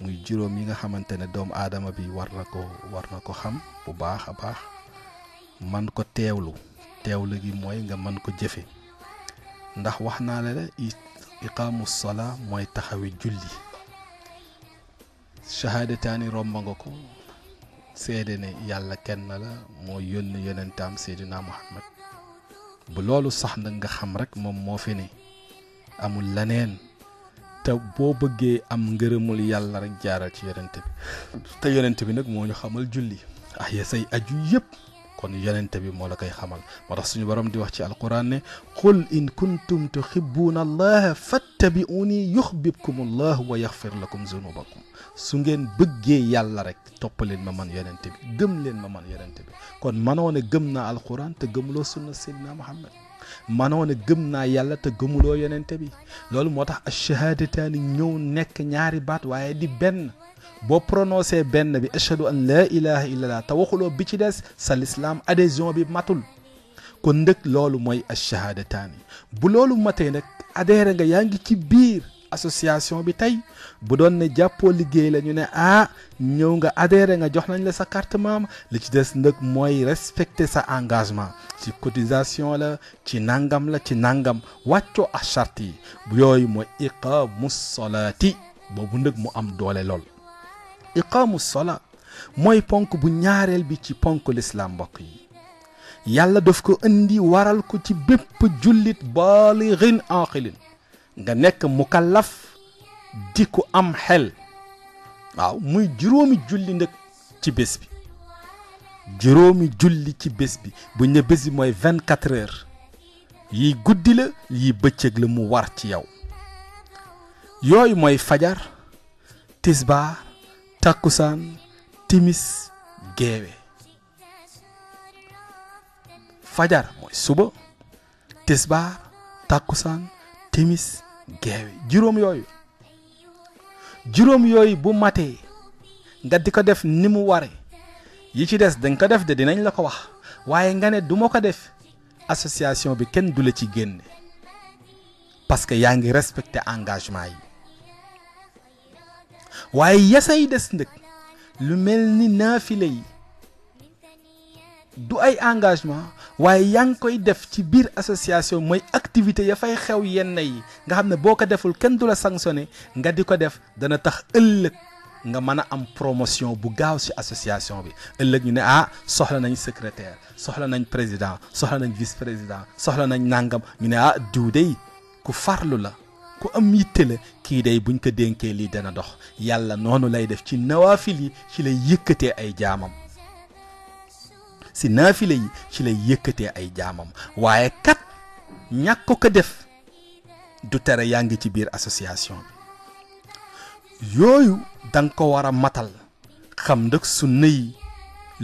muy juróom yi nga xamante ne doomu aadama bi war na ko war na ko xam bu baax a baax man ko teewlu teewlu gi mooy nga man ko jëfe ndax wax naa la ne iqaamu sola mooy taxawi julli shahaadataani romb nga ko seede ne yàlla kenn la moo yónni yonentaam seydina muhammad bu loolu sax nag nga xam rek moom moo fi ne amul leneen te boo bëggee am ngërëmul yàlla rek jaaral ci yonent bi te yonent bi nag moo ñu xamal julli ah ya say aju yëpp kon yonent bi moo la koy xamal moo tax suñu borom di wax ci alquran ne qul in kuntum tuhibbuuna allaha fattabi'uni yuxbibkum allah wa yaxfir lakum zunubakum su ngeen bëggee yàlla rek toppaleen ma man yonent bi gëm leen ma man yonent bi kon manoo ne gëm naa alquran te gëmuloo sunna sayyidina muhammad manoon a gëm naa yàlla te gëmuloo yonente bi loolu moo tax ashahadataani ñëw nekk ñaari baat waaye di benn boo prononcé benn bi ashhadu an laa ilaha illallah te bi ci des sa lislaam adhésion bi matul kon ndëkk loolu mooy ashahadataani bu loolu matee nag adhéré nga yaa ngi ci biir association bi tey bu doon ne jàppoo liggéey lañu ne ah ñëw nga adhéré nga jox nañ la sa carte membre li ci des nag mooy respecter sa engagement ci cotisation la ci nangam la ci nangam wàccoo ak charte yi bu yooyu mooy iqaamu solaati boobu nag mu am doole lool iqaamu sola mooy ponk bu ñaareel bi ci ponk lislaam mbokk yi yàlla daf ko indi waral ko ci bépp jullit baalirin aqilin nga nekk mukallaf di ku am xel waaw muy juróomi julli nag ci bés bi juróomi julli ci bés bi buñ ne bés bi mooy vingt quatre yi guddi la yi bëccëg la mu war ci yow yooyu mooy fajar tisbaar takkusaan timis geewe fajar mooy suba tisbaar takkusaan timis geewe juróom yooyu juróom yooyu bu matee nga di ko def ni mu ware yi ci des danga ko def de dinañ la ko wax waaye nga ne du ma ko def association bi kenn du la ci génne parce que yaa ngi respecté engagement yi waaye yasa yi des ndëkk lu mel ni naafile yi du ay engagement waaye yaa ngi koy def ci biir association mooy activité ya fay xew yenn yi nga xam ne boo ko deful kenn du la sanctionné nga di ko def dana tax ëllëg nga mën a am promotion bu gaaw ci association bi ëllëg ñu ne ah soxla nañ secrétaire soxla nañ président soxla nañ vice président soxla nañ nàngam ñu ne ah diw dey ku farlu la ku am yitte la kii day buñ ko dénkee lii dana dox yàlla noonu lay def ci nawaafil yi ci lay yëkkatee ay jaamam si naafila yi ci lay yëkkatee ay jaamam waaye kat ñàkk ko ko def du tere yaa ngi ci biir association bi yooyu da ko war a matal xam ndax sunna yi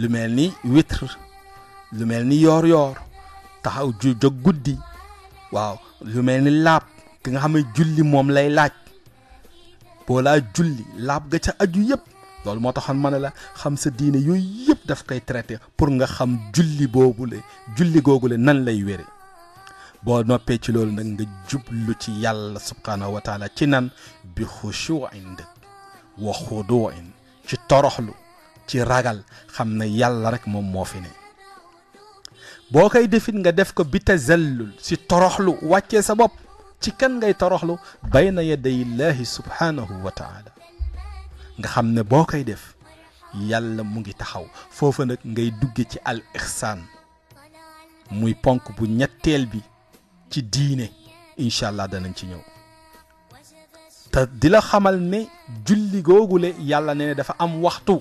lu mel ni witr lu mel ni yoor-yoor taxaw ju guddi waaw lu mel ni laab ki nga xam ne julli moom lay laaj boo laa julli laab ga ca aju yëpp loolu moo taxoon ma ne la xam sa diine yooyu yëpp daf koy traité pour nga xam julli boobule julli googu googule nan lay wére boo noppee ci loolu nag nga jublu ci yàlla subhaanahu wa taala ci nan bi xushuin dëkk wa xuduin ci toroxlu ci ragal xam na yàlla rek moom moo fi ne boo koy defit nga def ko bi tazallul si toroxlu wàccee sa bopp ci kan ngay toroxlu bayna yadayillahi subhaanahu wa taala nga xamne bokay def yàlla mu ngi taxaw fofu nak ngay dugge ci al ihsan muy ponk bu ñettel bi ci diine inshallah da nañ ci ñëw ta dila xamal ne julli gogule yàlla neene dafa am waxtu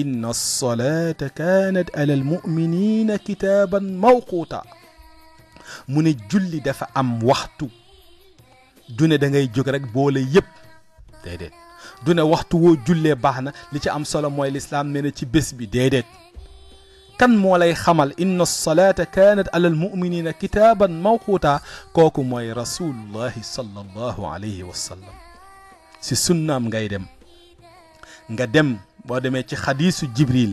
inna alsolata kaanat ala almuminina kitaaban mawquuta mu ne julli dafa am waxtu du ne da ngay jóg rek boole yépp déedéet du waxtu wo julle baxna li ci am solo moy l'islam nee ci bés bi dedet kan mo lay xamal inna salata kanat ala almuminina kitaban mawquta koku moy rasulullahi sallallahu alayhi wa sallam si sunnaam ngay dem nga dem bo demé ci xadiisu jibril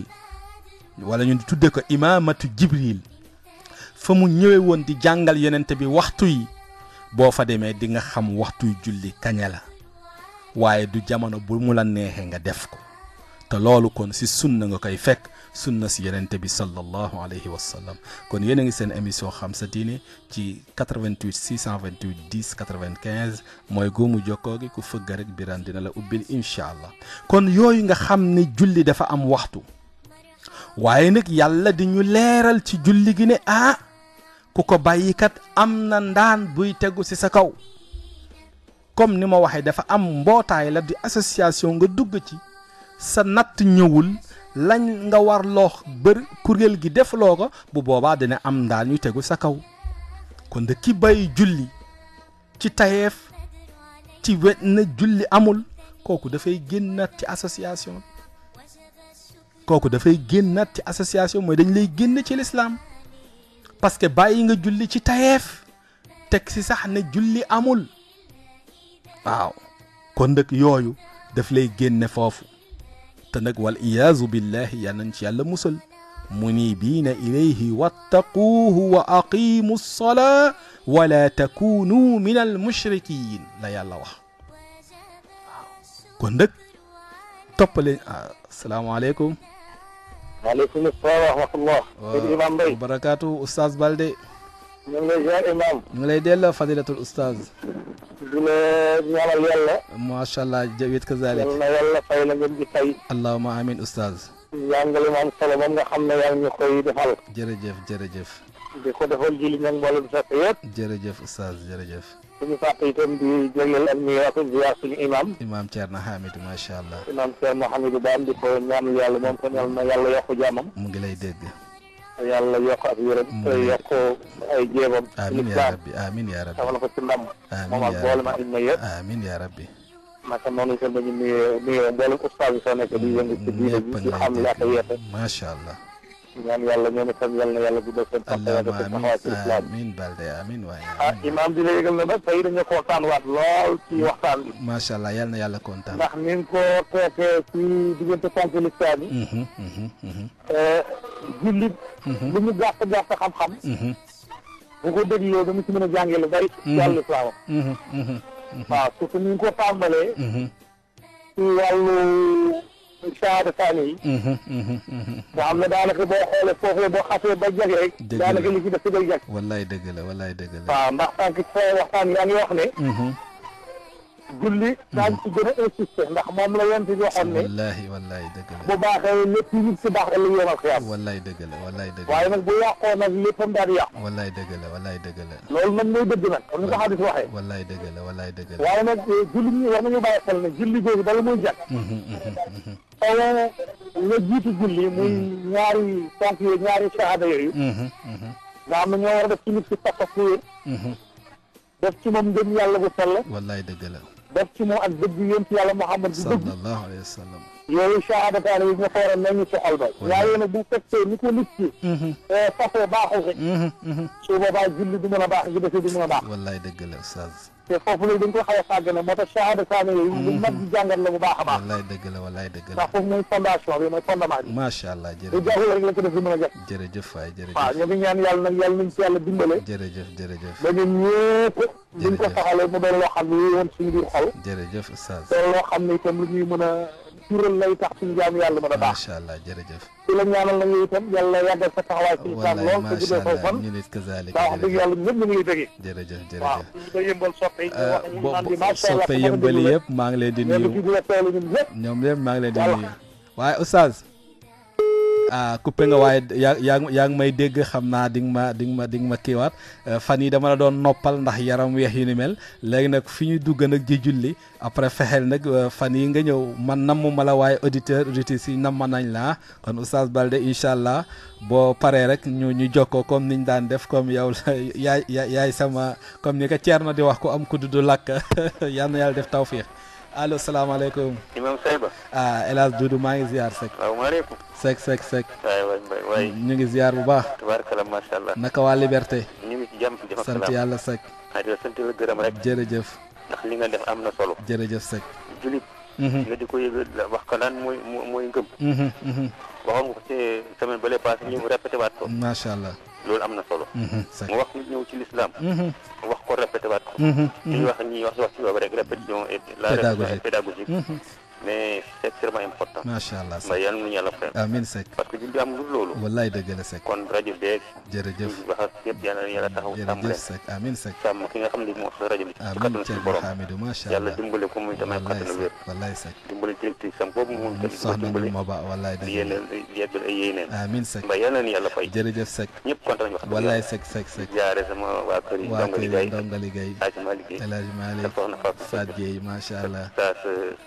wala ñu tudde ko imaamatu jibril fa mu ñëwee woon di jàngal yonent bi waxtu yi bo fa démé di nga xam waxtu julli kañala waaye du jamono bu mu la neexee nga def ko te loolu kon si sunna nga koy fekk sunna si yenente bi sallallahu alayhi wa sallam kon yéen a ngi seen émission xam sa diine ci 88 628 10 95 mooy góomu jokkoo gi ku fëgg rek biran dina la ubbil incha allah kon yooyu nga xam ne julli dafa am waxtu waaye nag yàlla di ñu leeral ci julli gi ne ah ku ko bàyyikat am na ndaan buy tegu si sa kaw comme ni ma waxee dafa am mbootaay la di association nga dugg ci sa natt ñëwul lañ nga war loo bër kuréel gi def loo ko bu boobaa dana am ndaan yu tegul sa kaw kon ki bay julli ci tayeef ci wet na julli amul kooku dafay génnaat ci association kooku dafay génn génnaat ci association mooy dañ lay génn ci lislaam parce que bàyyi nga julli ci tayeef teg ci sax ne julli amul waaw kon nag yooyu daf lay génne foofu te nag wal iyaazu billahi yal nañ ci yàlla musal munibiina ilayhi wattaquuhu wa aqimu lsolaa wala takunuu min almushrikin la yàlla wax waaw kon nag toppale ah, asalaamaaleykum waaleykum salaam wa rahmatullah sëñ Imam Mbaye wa barakaatu oustaz Balde ñu ngi lay ziar imam ñu ngi lay delloo fadilatul oustaz ما شاء الله جبت كذلك اللهم امين استاذ يانغل مام سلام نغا خامنا يانغي خوي ديفال جيرجيف جيرجيف ديكو ديفال جيلي نان بولم ساتيات جيرجيف استاذ جيرجيف سيني فاتي تم دي جيرل ان مي راكو ديا سيني امام امام تيرنا حامد ما شاء الله امام تيرنا حامد بان ديكو نام يالا مام فنال ما يالا يوخو جامم مونغي لاي ديغ yàlla yokk ak yërëm te yokk ay jéebam amiin yaa rabbi amiin yaa rabbi tafal ko ci ndam moom ak boolema ak na yëpp amiin yaa rabbi naka noonu itam dañu nuyoo nuyoo mboolem ustaas yi soo nekk di yëngu mm, allah ñaan yàlla ñoo ne tam yàlla na yàlla guddal seen taxawaay amiin Balde amiin waaye ah imaam di la yëgal na nag tey dañu ko waxtaan waat lool ci waxtaan bi macha allah yàlla na yàlla kontaan ndax ni nga ko tookee ci diggante tànk listaan yi mhm, mhm, mhm. Eh, jullit lu mu gàtt gàtt xam-xam bu ko dégloo dama ci mën a jàngee lu bari ci wàllu islaamam waaw surtout ni nga ko tàmbalee ci wàllu saada saani yi nga xam ne daanaka boo xoolee foofu la boo xasee ba jege daanaka li ci def si day jag wallaay dëgg la wallaay dëgg la waaw ndax tànk ci waxtaan yaa ngi wax ne julli daañ ci gën a insister ndax moom la yonent bi waxoon ne wallahi wallahi dëgg la bu baaxee lépp nit si baax ëllëg yoon al xiyaam wallahi dëgg la wallahi dëgg la waaye nag bu yàqoo nag léppam daal di yàqu wallahi dëgg la wallahi dëgg la loolu nag mooy dëgg nag comme ni ko xadis waxee wallahi dëgg la wallahi dëgg la waaye nag eh, julli ñi war nañu bàyyi xel ne julli googu bala muy jàkk faw nga jiitu julli muy mm-hmm. ñaari ponk yooyu ñaari shahada yooyu mm-hmm, mm-hmm. nga xam ne ñoo war a def ci nit si pas-pas def ci moom ngëm yàlla bu sell wallahi dëgg la def ci moom ak dëgg yéen ci yàlla Muhammad bi dëgg sallallahu alayhi wa sallam yooyu shahadataane yi nga ko waral nañu ci xol ba waaye nag bu fekkee ni ko nit ki fasoo baaxul rek su boobaa julli du mën a baax ji dese du mën a baax wallaay dëgg la Oustaz te foofu léegi dañ ko xaw a sàggane moo tax shahada kaamil yi lu mag di jàngat la bu baax a baax wallaay dëgg la wallaay dëgg la ndax foofu mooy fondation bi mooy fondement bi macha allah jërëjëf bu jaaxul rek la ko def lu mën a jot jërëjëf waay jërëjëf waaw ñu ngi ñaan yàlla nag yàlla nañ ci yàlla dimbale jërëjëf jërëjëf ba ñun ñëpp buñ ko saxalee mu doon loo xam ne woon suñu biir xol jërëjëf oustaz doon loo xam ne itam lu ñuy mën a tuural lay tax suñu jaamu yàlla mën a baax macha allah jërëjëf di la ñaanal na ñu itam yàlla yàggal sa taxawaay ci lislaam lool te guddee saw fan ñu nit kazalik wax dëgg yàlla ñëpp ñu ngi lay bëggee jërëjëf jërëjëf waaw da yëmbal soppe yi wax euh, soppe yëmbali yëpp maa ngi leen di nuyu ñoom yëpp maa ngi leen di nuyu waaye oustaz ah coupé nga yang yang yaa ya may dégg xam naa di ma ding ma ding ma kiiwaat eh, fani dama la doon noppal ndax yaram weex yu ni mel nag fi dugg nag julli nag eh, nga ñëw man namm ma la auditeur auditrice si nañ la ah. kon oustaz balde inshallah. Bo boo rek ñu ñu joko comme niñ daan def comme ya yaay yaay sama comme ni ko ceerno di wax ko am ku dudd na def tawfiix allo salaamaaleykum. imam Seyba. ah El Hadj Doudou maa ngi ziar Seck. waaw maaleykum. Seck Seck Seck. waay ñu ngi ziar bu baax. tubaarkalla macha allah. naka waa Liberté. ñu ngi ci jàmm di ma sant yàlla Seck. aywa sant la gërëm rek. jërëjëf. ndax li nga def am na solo. jërëjëf Seck. julit. Mhm. nga di ko yëgal wax ko lan mooy mooy ngëm. Mhm, mhm. waxoon nga ko ci semaine bële paase ñu répété waat ko. macha allah. loolu am na solo. Mhm, mu wax nit ñëw ci l'islam. Mhm. wax ko répété waat ko. li mhm, ñuy wax ñuy wax wax ci boobu rek répétition et mais c'est extrêmement important. macha allah Seck yal na ñu yàlla fayal. amiin Seck parce que julli amul loolu. wallaay dëgg la Seck kon rajo beeg. jërëjëf wax ak yëpp yal na yàlla taxaw. sàmm leen jërëjëf Seck amiin Seck. sàmm ki nga xam ne moo sa rajo bi. amiin Thierno Hamidou macha allah yàlla dimbale ko muy damay kàttan wér. wallaay Seck dimbale directrice sam boobu moom tamit. soxna ñu ma ba wallaay dëgg la yéen a yeggal ay yéeneen. amiin Seck mbaa yal na yàlla fay. jërëjëf Seck ñëpp kontaan ñu wax. wallaay Seck Seck Seck jaare sama waa kër yi ndongali gay ndongali gay El Hadj Malick Sadji macha allah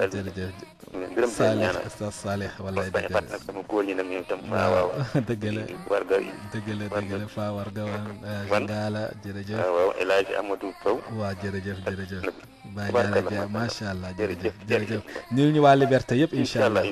jërëjëf gërëm sa ñaanal sa Salih wallaay dëgg la ak sama góor ñi nag ñoom la warga la dëgg la fa warga wan eh, ngaala jërëjëf waaw waaw jërëjëf jërëjëf bàyyi naa la jaa macha allah jërëjëf jërëjëf ñu ñu waa Liberté yëpp incha allah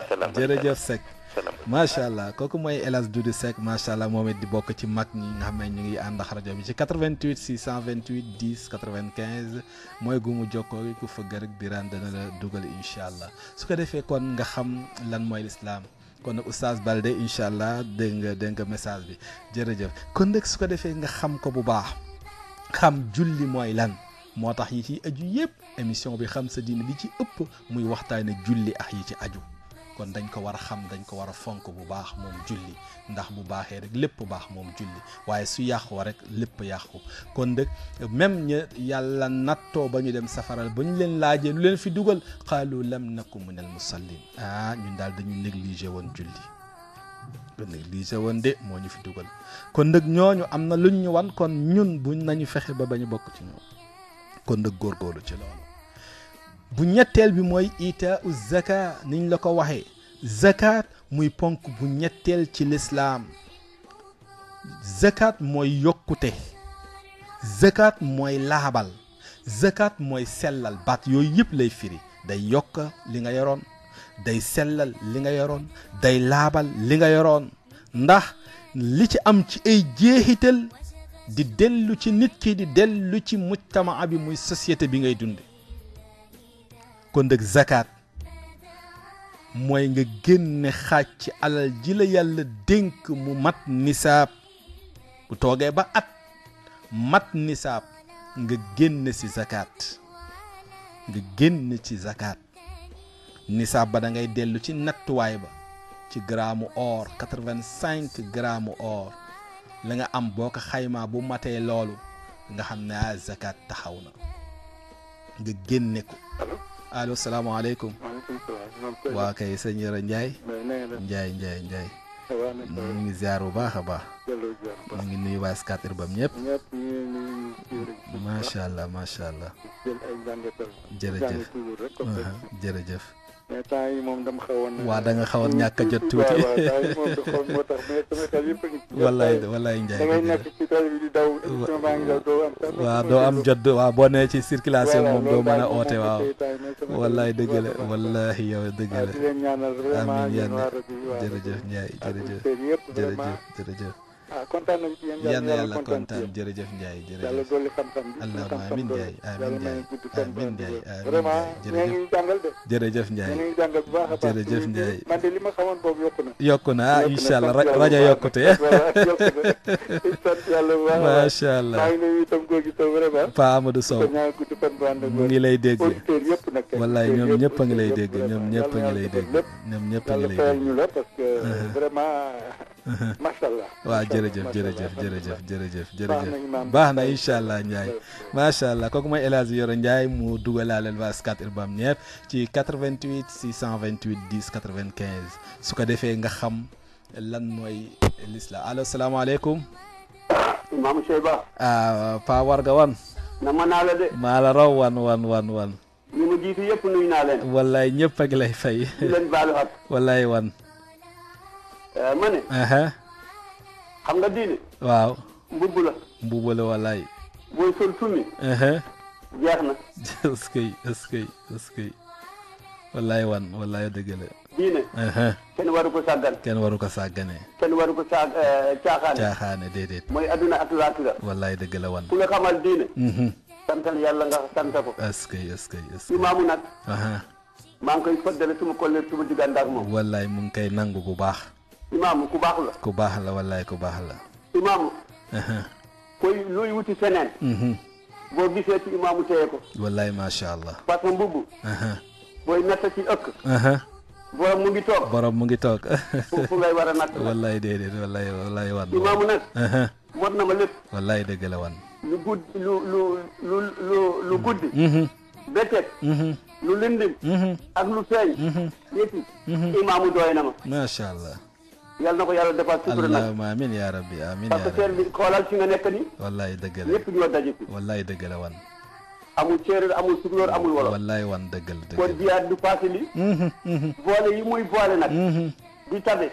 salaam. macha allah kooku mooy El Hadj Doudou Seck macha allah moom it di bokk ci mag ñi nga xam ne ñu ngi ànd ak rajo bi ci 88 628 10 95 mooy gu mu jokkoo ku fëgg rek biraan dana la dugal incha allah su ko defee kon nga xam lan mooy lislaam kon nag oustaz Balde incha allah dégg nga dégg message bi jërëjëf kon nag su ko defee nga xam ko bu baax xam julli mooy lan. moo tax yi ci aju yëpp émission bi xam sa diine li ci ëpp muy waxtaane julli ak yi ci aju kon dañ ko war a xam dañ ko war a fonk bu baax moom julli ndax bu baaxee rek lépp baax moom julli waaye su yàqoo rek lépp yàqu kon dëkk même ña yàlla nattoo ba ñu dem safaral ba ñu leen laajee lu leen fi dugal qaalu lam ko min al musallin ah ñun daal dañu négligé woon julli kon nag lii sa woon de moo ñu fi dugal kon nag ñooñu am na luñ ñu wan kon ñun buñ nañu fexe ba bañu bokk ci ñoom kon nag góorgóorlu ci loolu bu ñetteel bi mooy ita u zaka niñ la ko waxee zakat muy ponk bu ñetteel ci lislaam zakat mooy yokkute zakat mooy laabal zakat mooy sellal baat yooyu yëpp lay firi day yokk li nga yoroon day sellal li nga yoroon day laabal li nga yoroon ndax li ci am ci ay jeexital di dellu ci nit ki di dellu ci mujtamaa bi muy société bi ngay dundi kon nag zakat mooy nga génne xaaj ci alal ji la yàlla dénk mu mat nisaab bu toogee ba at mat nisaab nga génn ci zakat nga génn ci zakat nisaab ba da ngay dellu ci nattuwaay ba ci gramme or quatre or la nga am boo ko xaymaa bu matee loolu nga xam ne ah, zakat taxaw na nga génne ko allo salaamaaleykum. maaleykum salaam. waa kay sëñ Yoro Ndiaye. Ndiaye Ndiaye Ndiaye. ñu ngi ziar bu baax a baax. ñu ngi nuyu waa Scat Urbam ñëpp. macha allah macha allah. jërëjëf jërëjëf. mais temps yi moom dama xawoon. waaw da nga xawoon ñàkk a jot tuuti. waaw waaw temps yi moom du xool moo tax mais sama xel yëpp a ngi. wallaay wallaay Ndiaye da ngay nekk ci tali bi di daw. émission baa ngi daw doo am. waaw doo am jot waaw boo nee ci circulation moom doo mën a oote waaw. wallaay dëgg la wallaay yow dëgg la. amiin yàlla jërëjëf Ndiaye jërëjëf jërëjëf jërëjëf. ah kontaan nañ ci yéen yàlla kontaan jërëjëf Ndiaye jërëjëf yàlla dolli xam-xam bi allahumma amiin vraiment ñoo ngi jàngal de jërëjëf Ndiaye a baax jërëjëf Ndiaye man de li ma xamoon boobu yokku na yokku na ah incha allah yokkute eh? sant allah maa ngi nuyu Sow mu ngi lay dégg wallaay ñoom ñëpp a ngi lay dégg ñoom ñëpp a ngi lay dégg ñoom ñëpp a ngi lay dégg macha allah waaw jërëjëf jërëjëf jërëjëf jërëjëf jërëjëf baax na incha allah Ndiaye macha allah kooku mooy El Hadji Yoro Ndiaye mu dugalaaleel waa Scat Urbam ñëpp ci 88 628 10 95 su ko defee nga xam lan mooy lisla allo salaamaaleykum imam Cheyba ah Pa Warga wan na ma naa la wan wan wan wan ñu ma jiitu fay leen wan Eh, ma ne. xam nga diine. waaw. mbubb la. mbubb la walaay. booy sol jeex na. est-ce que est wan walaay dëgg la. diine. kenn waru ko sàggan. kenn waru ko sàggane. kenn waru ko saag eh, caaxaane. caaxaane déedéet. mooy adduna ak laaxira. walaay dëgg la wan. ku la xamal diine. Mhm. santal yàlla nga sant ko. est-ce que est-ce nag. maa ngi koy fëddale suma collègue suma diggante ak moom. walaay mu ngi koy nangu bu baax. imaam ku baax la. ku baax la wallaay ku baax la. imaam. koy luy wuti feneen. Mhm. boo gisee ci imaamu téye ko. wallaay macha allah. parce que mbubb. booy natt ci ëkk. borom mu ngi toog borom mu ngi toog. fu ngay war a natt. wallaay déedéet wallaay wallaay wan. imaamu nag. war wan. lu guddi. Mhm. bëccëg. Mhm. lu lindim. ak lu feeñ. yëpp imaamu doy na ma. macha allah. yàlla na ko yàlla defal sutura nag allahumma amiin yaa rabbi amiin yaa rabbi parce que seer bi xoolal fi nga nekk ni wallaay dëgg la ñëpp ñoo daje fi wallaay dëgg la wan amul séeréer amul tukulóor amul wolof wallaay wan dëgg la dëgg la kon jiyaat du passé li mhm, mhm. yi muy boole nag mhm. du tabe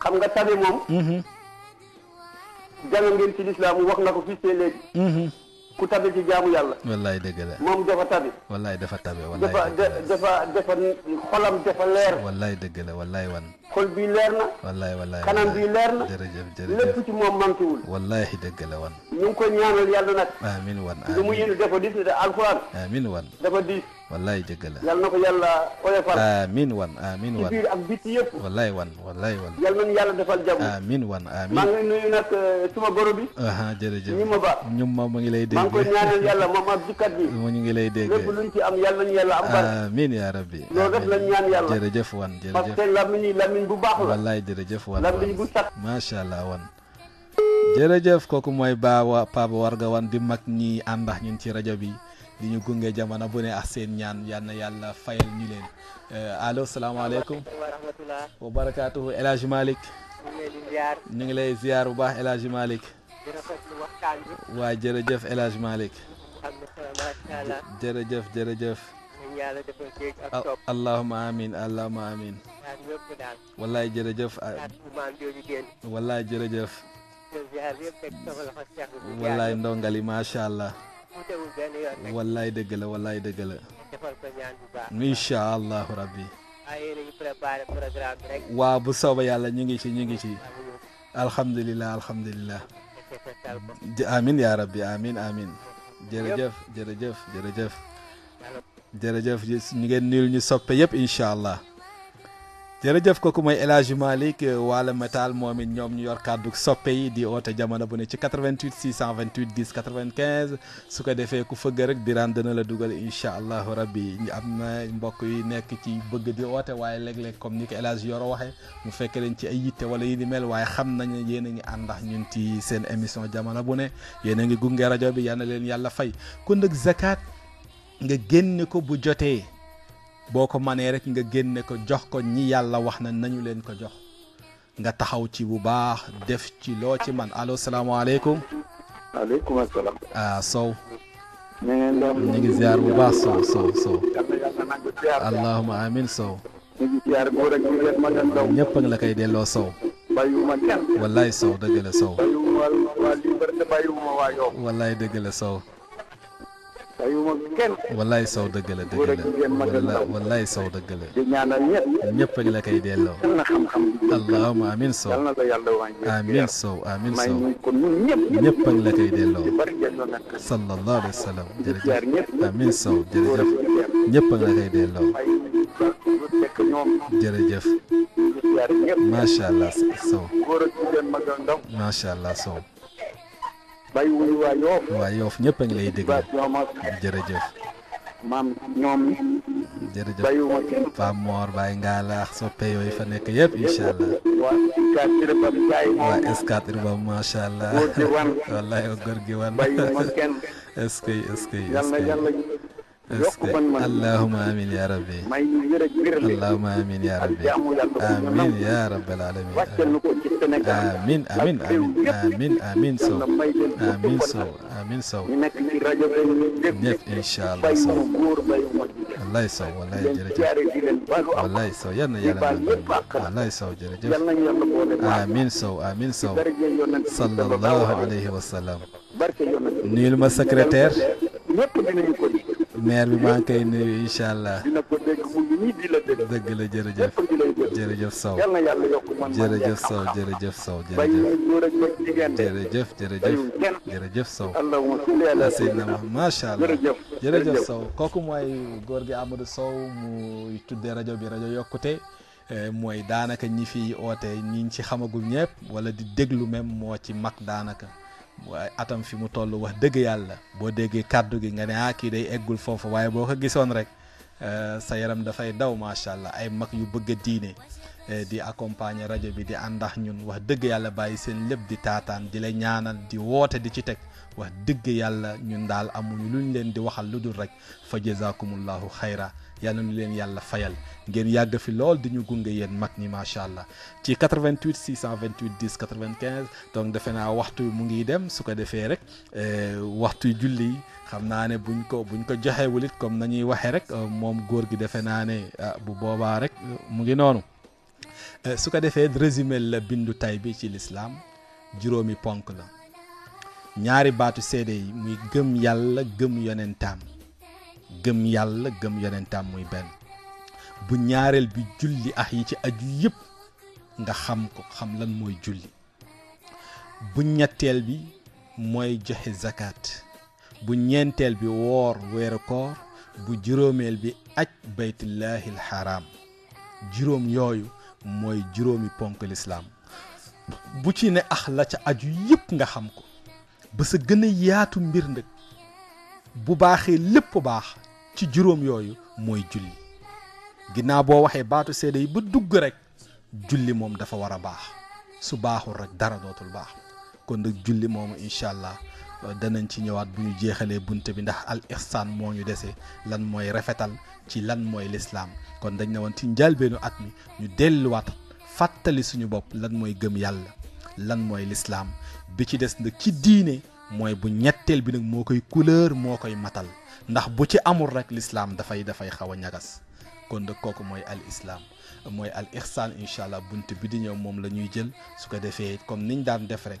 xam nga tabe moom jàng ngeen ci lislaam wax na ko fii see ku tabi ci jaamu yàlla. wallaay dëgg la moom dafa tabi. wallaay dafa tabi wallaay dafa dafa dafa xolam dafa leer. wallaay dëgg la wallaay wan. xol bii leer na. wallaay wallaay kanam bii leer na. jërëjëf jërëjëf lépp ci moom manquewul. wallaay dëgg la wan. ñu ngi koy ñaanal yàlla nag. amiin wan amiin lu mu yéen dafa diis ne de alxuraan. amiin wan wallaay dëgg la yal na wan amiin wan ci wan wallaay wan yal nañu yàlla defal jàmm maa ngi nuyu nag eh, ma ma mu ngi lay dégg mu ñu ngi lay dégg lépp luñ rabbi loolu rek lañ ñaan yàlla jërëjëf wan jërëjëf parce la wallaay jërëjëf wan lamin bu sax macha allah wan kooku mooy Warga wan di mag ñi àndax ñun ci rajo bi di ñu gunge jamono bu ne ak seen ñaan yal na yàlla ñu leen euh, allo salaamaaleykum wa barakaatuhu El Hadj Malick ñu ngi lay ziar bu baax El Hadj jërëjëf El Hadj Malick jërëjëf jërëjëf allahuma amin allahuma amin wallaay jërëjëf wallaay jërëjëf wallaay ndongali macha allah wallaay dëgg la wallaay dëgg la. incha allahu rabbi. waa bu sooba yàlla ñu ngi ci ñu ngi ci. alhamdulilah alhamdulilah. amin yaa rabbi amin amin. jërëjëf jërëjëf jërëjëf. jërëjëf ñu ngeen nuyul ñu soppe yëpp incha allah. jërëjëf kooku mooy El Hadji Malick euh, Wala Métal moom it ñoom ñu yor kàddu soppe yi di oote jamono bu ne ci 88 628 10 95 su ko defee ku fëgg rek Birane dana la dugal incha allahu rabbi am na mbokk yi nekk ci bëgg di oote waaye léeg-léeg comme ni ko El Hadji Yoro waxee mu fekk leen ci ay yitte wala yi ni mel waaye xam nañu yéen a ngi àndax ñun ci seen émission jamono bu ne yéen a ngi gunge rajo bi yan na leen yàlla fay kon nag zakat nga génne ko bu jotee. boko mané rek nga génne ko jox ko ñi yàlla wax na nañu leen ko jox nga taxaw ci bu baax def ci lo ci man allo salamu alaykum alaykum assalam ah so ñi ngi ziar bu baax so so so allahumma amin so ñu ngi ziar góor ak jigéen mag ak ndaw. ñëpp nga ngi la koy delloo Sow. bàyyiwuma kenn. wallaay Sow dëgg la Sow. bàyyiwuma waa Liberté bàyyiwuma la Sow. bàyyiwuma kenn wallaay saw dëgg la dëgg la wallaay saw dëgg la di a ngi la koy delloo yal amin sow amin sow amin sow kon a ngi la koy delloo sallallahu alayhi wa sallam jërëjëf a ngi la koy delloo jërëjëf macha allah sow sow bàyyi wuñu waa Yoof waa ñëpp a ngi lay déglu jërëjëf maam ñoom jërëjëf Pape Mor Baye yooyu fa nekk yëpp incha waa Scat Urbam macha allah wallaay gi wan est-ce que est-ce que اللهم امين يا ربي اللهم امين يا ربي امين يا رب العالمين امين امين امين امين امين سو امين سو امين سو نيت ان شاء الله سو الله يسو والله جرجف والله يسو يلا يلا الله يسو جرجف امين سو امين سو صلى الله عليه وسلم نيل ما سكرتير maire bi maa ngi koy nuyu allah. dina ko dégg mu ngi di la dégg. dëgg la jërëjëf jërëjëf saw yal na jërëjëf Sow jërëjëf Sow jërëjëf jërëjëf Sow Seydina macha allah jërëjëf saw kooku mooy góor gi Amadou Sow muy tuddee rajo bi rajo yokkute eh, mooy daanaka ñi fi oote ñi ci xamagul ñëpp wala di déglu même moo ci mag daanaka waaye atam fi mu toll wax dëgg yàlla boo déggee kàddu gi nga ne ah kii day eggul foofu waaye boo ko gisoon rek euh, sa yaram dafay daw macha allah ay mag yu bëgg a diine euh, di accompagner rajo bi di àndax ñun wax dëgg yàlla bàyyi seen lépp di taataan di la ñaanal di woote di ci teg wax dëgg yàlla ñun daal amuñu luñ leen di waxal lu dul rek fa jazakumullahu xayra yal na leen yàlla fayal ngeen yàgg fi lool di ñu gunge yéen mag ni macha allah ci 88 628 10 95 donc defe naa waxtu mu ngi dem su ko defee rek euh, waxtu julli xam naa ne buñ ko buñ ko joxewul it comme nañuy waxee rek euh, moom góor gi defe naa ne ah, bu boobaa rek euh, mu ngi noonu su ko defee résumé la bindu tay bi ci lislaam juróomi ponk la ñaari baatu seede yi muy gëm yàlla gëm yonentaam gëm yàlla gëm yonentam muy benn bu ñaareel bi julli ak yi ci aju yépp nga xam ko xam lan mooy julli bu ñetteel bi mooy joxe zakat bu ñeenteel bi woor weeru koor bu juróomeel bi aj baytullahi alxaraam juróom yooyu mooy juróomi ponk lislaam bu ci ne ax la ca aju yëpp nga xam ko ba sa gën yaatu mbir nag bu baaxee lépp baax ci juróom yooyu mooy julli ginnaaw boo waxee baatu seede yi ba dugg rek julli moom dafa war a baax su baaxul rek dara dootul baax kon nag julli moomu incha allah euh, danañ ci ñëwaat bu ñu jeexalee bunt bi ndax al ihsaan moo ñu desee lan mooy rafetal ci lan mooy lislaam kon dañ ne woon ci njalbeenu at mi ñu delluwaat fàttali suñu bopp lan mooy gëm yàlla lan mooy lislaam bi ci des nag ci diine mooy bu ñetteel bi nag moo koy couleur moo koy matal ndax bu ci amul rek lislaam dafay dafay xaw a ñagas kon de kooku mooy al islaam mooy al ihsaan incha allah bunt bi di ñëw moom la ñuy jël su ko defee comme niñ daan def rek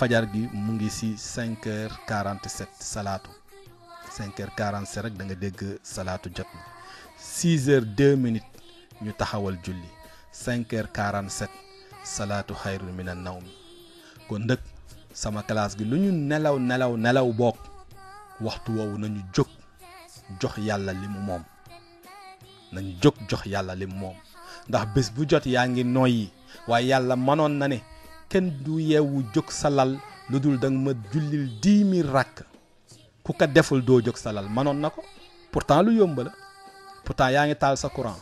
fajar gi mu ngi ci 5 heures 47 salaatu 5 heures 47 rek da dégg salaatu jot na 6 heures ñu taxawal julli 5 heures 47 salaatu xayrun mina naw mi kon ndëkk sama classe gi lu ñu nelaw nelaw nelaw bokk waxtu woowu nañu jóg jox yàlla li mu moom nañu jóg jox yàlla li mu moom ndax bés bu jot yaa ngi nooy yi waaye yàlla mënoon na ne kenn du yeewu jóg sa lal lu dul da ma jullil dix mille rakk ku ko deful doo jóg sa lal manoon na ko pourtant lu yomb la pourtant yaa ngi taal sa courant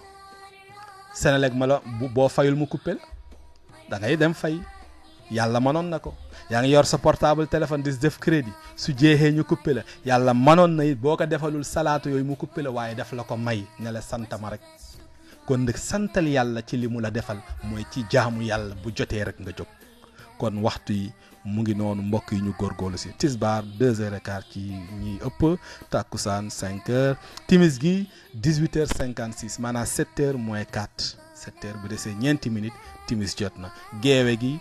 Senelec ma la boo fayul mu coupé la da ngay dem fay yàlla manoon na ko yaa ngi yor sa portable téléphone di def crédit su jeexee ñu coupé yàlla manoon na it boo ko defalul salaatu yooyu mu coupé waaye def la ko may ne la sant ma rek kon nag santal yàlla ci li mu la defal mooy ci jaamu yàlla bu jotee rek nga jóg. kon waxtu yi mu ngi noonu mbokk yi ñu góorgóorlu si tisbaar deux heures et quart ci ñiy ëpp tàkkusaan cinq heures timis gi dix-huit heures cinquante six maanaam sept heures moins quatre sept heures bu desee ñeenti minutes timis jot na geewe gi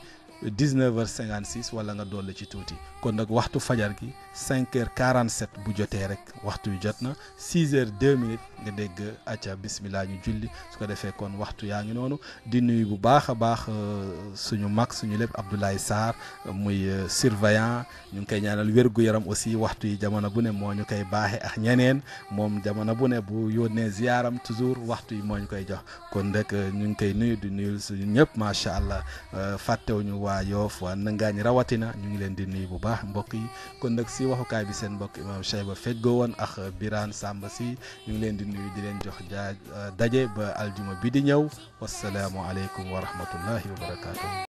dix-neuf heures cinquante six wala nga dolli ci tuuti kon nag waxtu fajar gi 5 heures 47 bu jotee rek waxtu yu jot na 6 heures 2 nga dégg acca bismillah ñu julli su ko defee kon waxtu yaa ngi noonu di nuyu bu baax a baax euh, suñu mag suñu lépp Abdoulaye Sarr muy euh, surveillant ñu ngi koy ñaanal wér yaram aussi waxtu yi jamono bu ne moo ñu koy baaxee ak ñeneen moom jamono bu ne bu yónnee ziyaaram toujours waxtu yi moo ñu koy jox kon rek euh, ñu ngi koy nuyu di nuyu suñu ñëpp macha allah fàttewuñu waa Yoof waa Nangañ rawatina ñu ngi leen di nuyu bu baax. baax mbokk yi kon nag si waxukaay bi seen mbokk imaam ba Feggo woon ak Birane Samba si ñu ngi leen di nuyu di leen jox jaa daje ba aljuma bi di ñëw wasalaamualeykum wa rahmatullahi wa barakaatu.